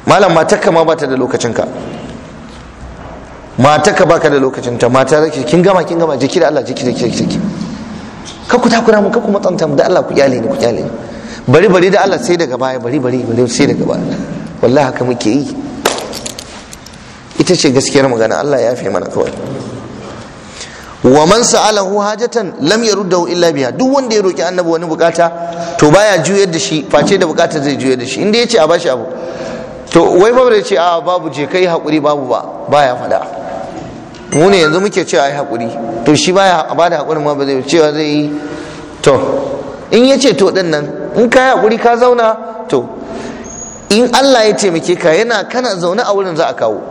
malam matakka ma bata da lokacinka matakka baka da lokacinta mata zaki kin gama kin gama jiki da Allah jiki jiki jiki ka ku takura mu ka ku matsanta mu da Allah ku kyale ni ku kyale ne, bari bari da Allah sai daga baya bari bari bari sai daga baya wallahi haka muke yi ita ce gaskiyar magana Allah ya fi mana kawai wa man sa'alahu hajatan lam yaruddahu illa biha duk wanda ya roki annabi wani bukata to baya juyar da shi face da bukatar zai juyar da shi inda yace a bashi abu to wai babu da ce a ah, babu je kai hakuri babu ba baya faɗa mu ne yanzu muke cewa ai hakuri to shi baya ba da hakuri ma ba zai cewa zai yi to in ya ce to ɗin nan in ka yi hakuri ka zauna to in Allah ya taimake ka yana kana zaune a wurin za a kawo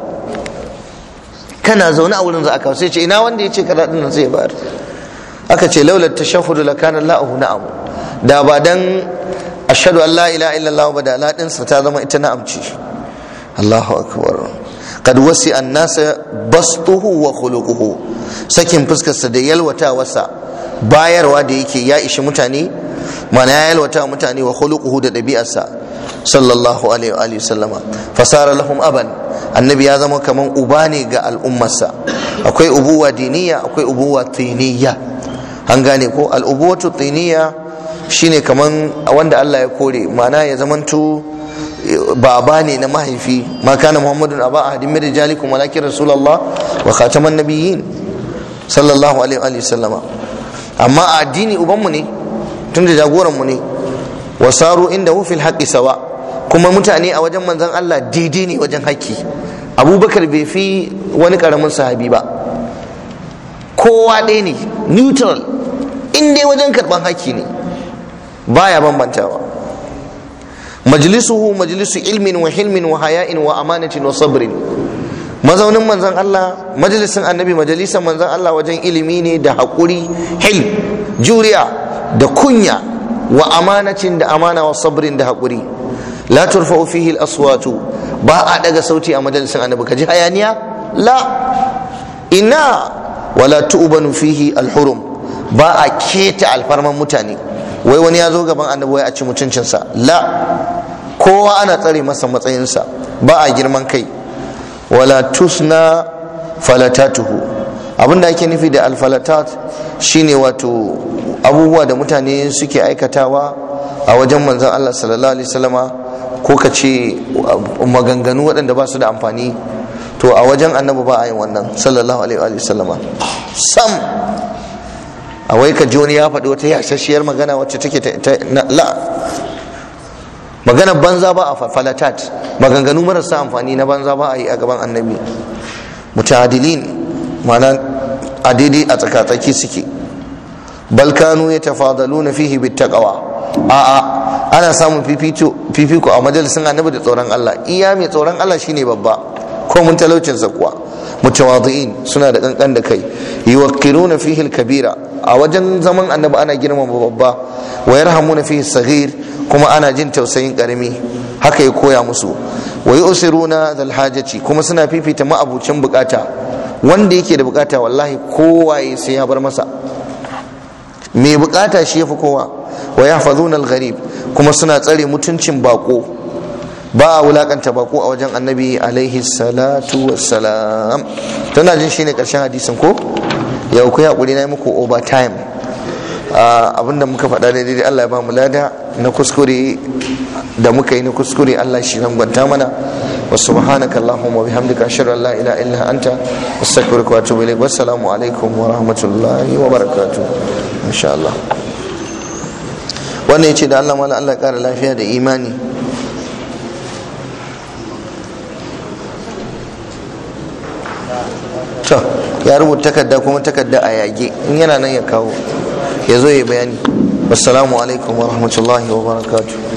kana zaune a wurin za a kawo sai ce ina wanda ya ce kaza ɗin nan sai ya bayar aka ce laulat tashahhudu lakana Allahu na'am da ba dan ashhadu an la ba da sa ta zama ita na'am Allahu akbar kad wasi bastuhu wa khuluquhu sakin fuskarsa da yalwatawarsa bayarwa da yake ya ishi mutane mana ya yalwata mutane wa khuluquhu da ɗabi'arsa sallallahu alaihi wa sallama fasara lahum aban annabi ya zama kaman uba ne ga al'ummarsa akwai ubuwa diniya akwai ubuwa tiniya an gane ko al'ubuwatu tiniya shine kaman wanda Allah ya kore ma'ana ya zamanto eh, baba ne na mahaifi ma kana muhammadun aba mirin jali kuma walakin rasulallah wa khataman nabiyyin sallallahu alaihi wa sallama amma a addini ubanmu ne tun da jagoranmu ne wasaru inda fil haqqi sawa kuma mutane a wajen manzon Allah daidai ne wajen haƙƙi abubakar bai fi wani karamin sahabi ba kowa ɗaya ne neutral in dai wajen karɓan haƙƙi ne baya bambantawa majlisuhu majlisu ilmin wa hilmin wa haya'in wa amanatin wa sabrin mazaunin manzon Allah majalisin annabi majalisan manzon Allah wajen ilimi ne da haƙuri hil juriya da kunya wa amanacin da amana wa sabrin da haƙuri la turfa'u fihi al-aswatu ba a daga sauti a majalisin annabi kaji hayaniya la ina wala tu'banu fihi al-hurum ba a keta alfarman mutane wai wani ya zo gaban annabi wai a ci mutuncinsa la kowa ana tsare masa matsayinsa ba a girman kai wala tusna falatatuhu abinda ake nufi da alfalatat shine wato abubuwa da mutane suke aikatawa a wajen manzon Allah sallallahu alaihi wasallama ko ka ce maganganu waɗanda ba su da amfani to a wajen annabi ba a yin wannan sallallahu alaihi wasallama sam a wai ka ji wani ya faɗi wata yashashiyar magana wacce take ta la magana banza ba a falatat maganganu marasa amfani na banza ba a yi a gaban annabi mutadilin ma'ana adidi a tsakatsaki suke balkanu ya na fihi a a'a ana samun fifiko a majalisun annabi da tsoron Allah iya mai tsoron Allah shine babba ko mun talaucin sa kuwa mutawadi'in suna da kankan da kai yuwaqqiruna fihi al-kabira a wajen zaman annabi ana girmama babba wa yarhamuna fihi saghir kuma ana jin tausayin karami haka ya koya musu wa yusiruna dal hajaci kuma suna fifita ma'abucin bukata wanda yake da bukata wallahi kowaye sai ya bar masa mai bukata shi yafi kowa wa yahfazuna al-gharib kuma suna tsare mutuncin bako ba a wulakanta bako a wajen annabi alaihi salatu wassalam tana jin shine karshen hadisin ko yau ku hakuri na muku overtime? time abinda muka faɗa da dai Allah ya ba mu lada na kuskure da muka yi na kuskure Allah shi rangwanta mana wa subhanaka allahumma bihamdika ashhadu an la ilaha illa anta astaghfiruka wa atubu ilaik wassalamu alaikum wa rahmatullahi wa barakatuh insha Allah wannan yace da Allah mala Allah ya kara lafiya da imani to ya rubuta takarda kuma takarda a yage in yana nan ya kawo ya zo ya bayani assalamu alaikum wa rahmatullahi wa barakatuh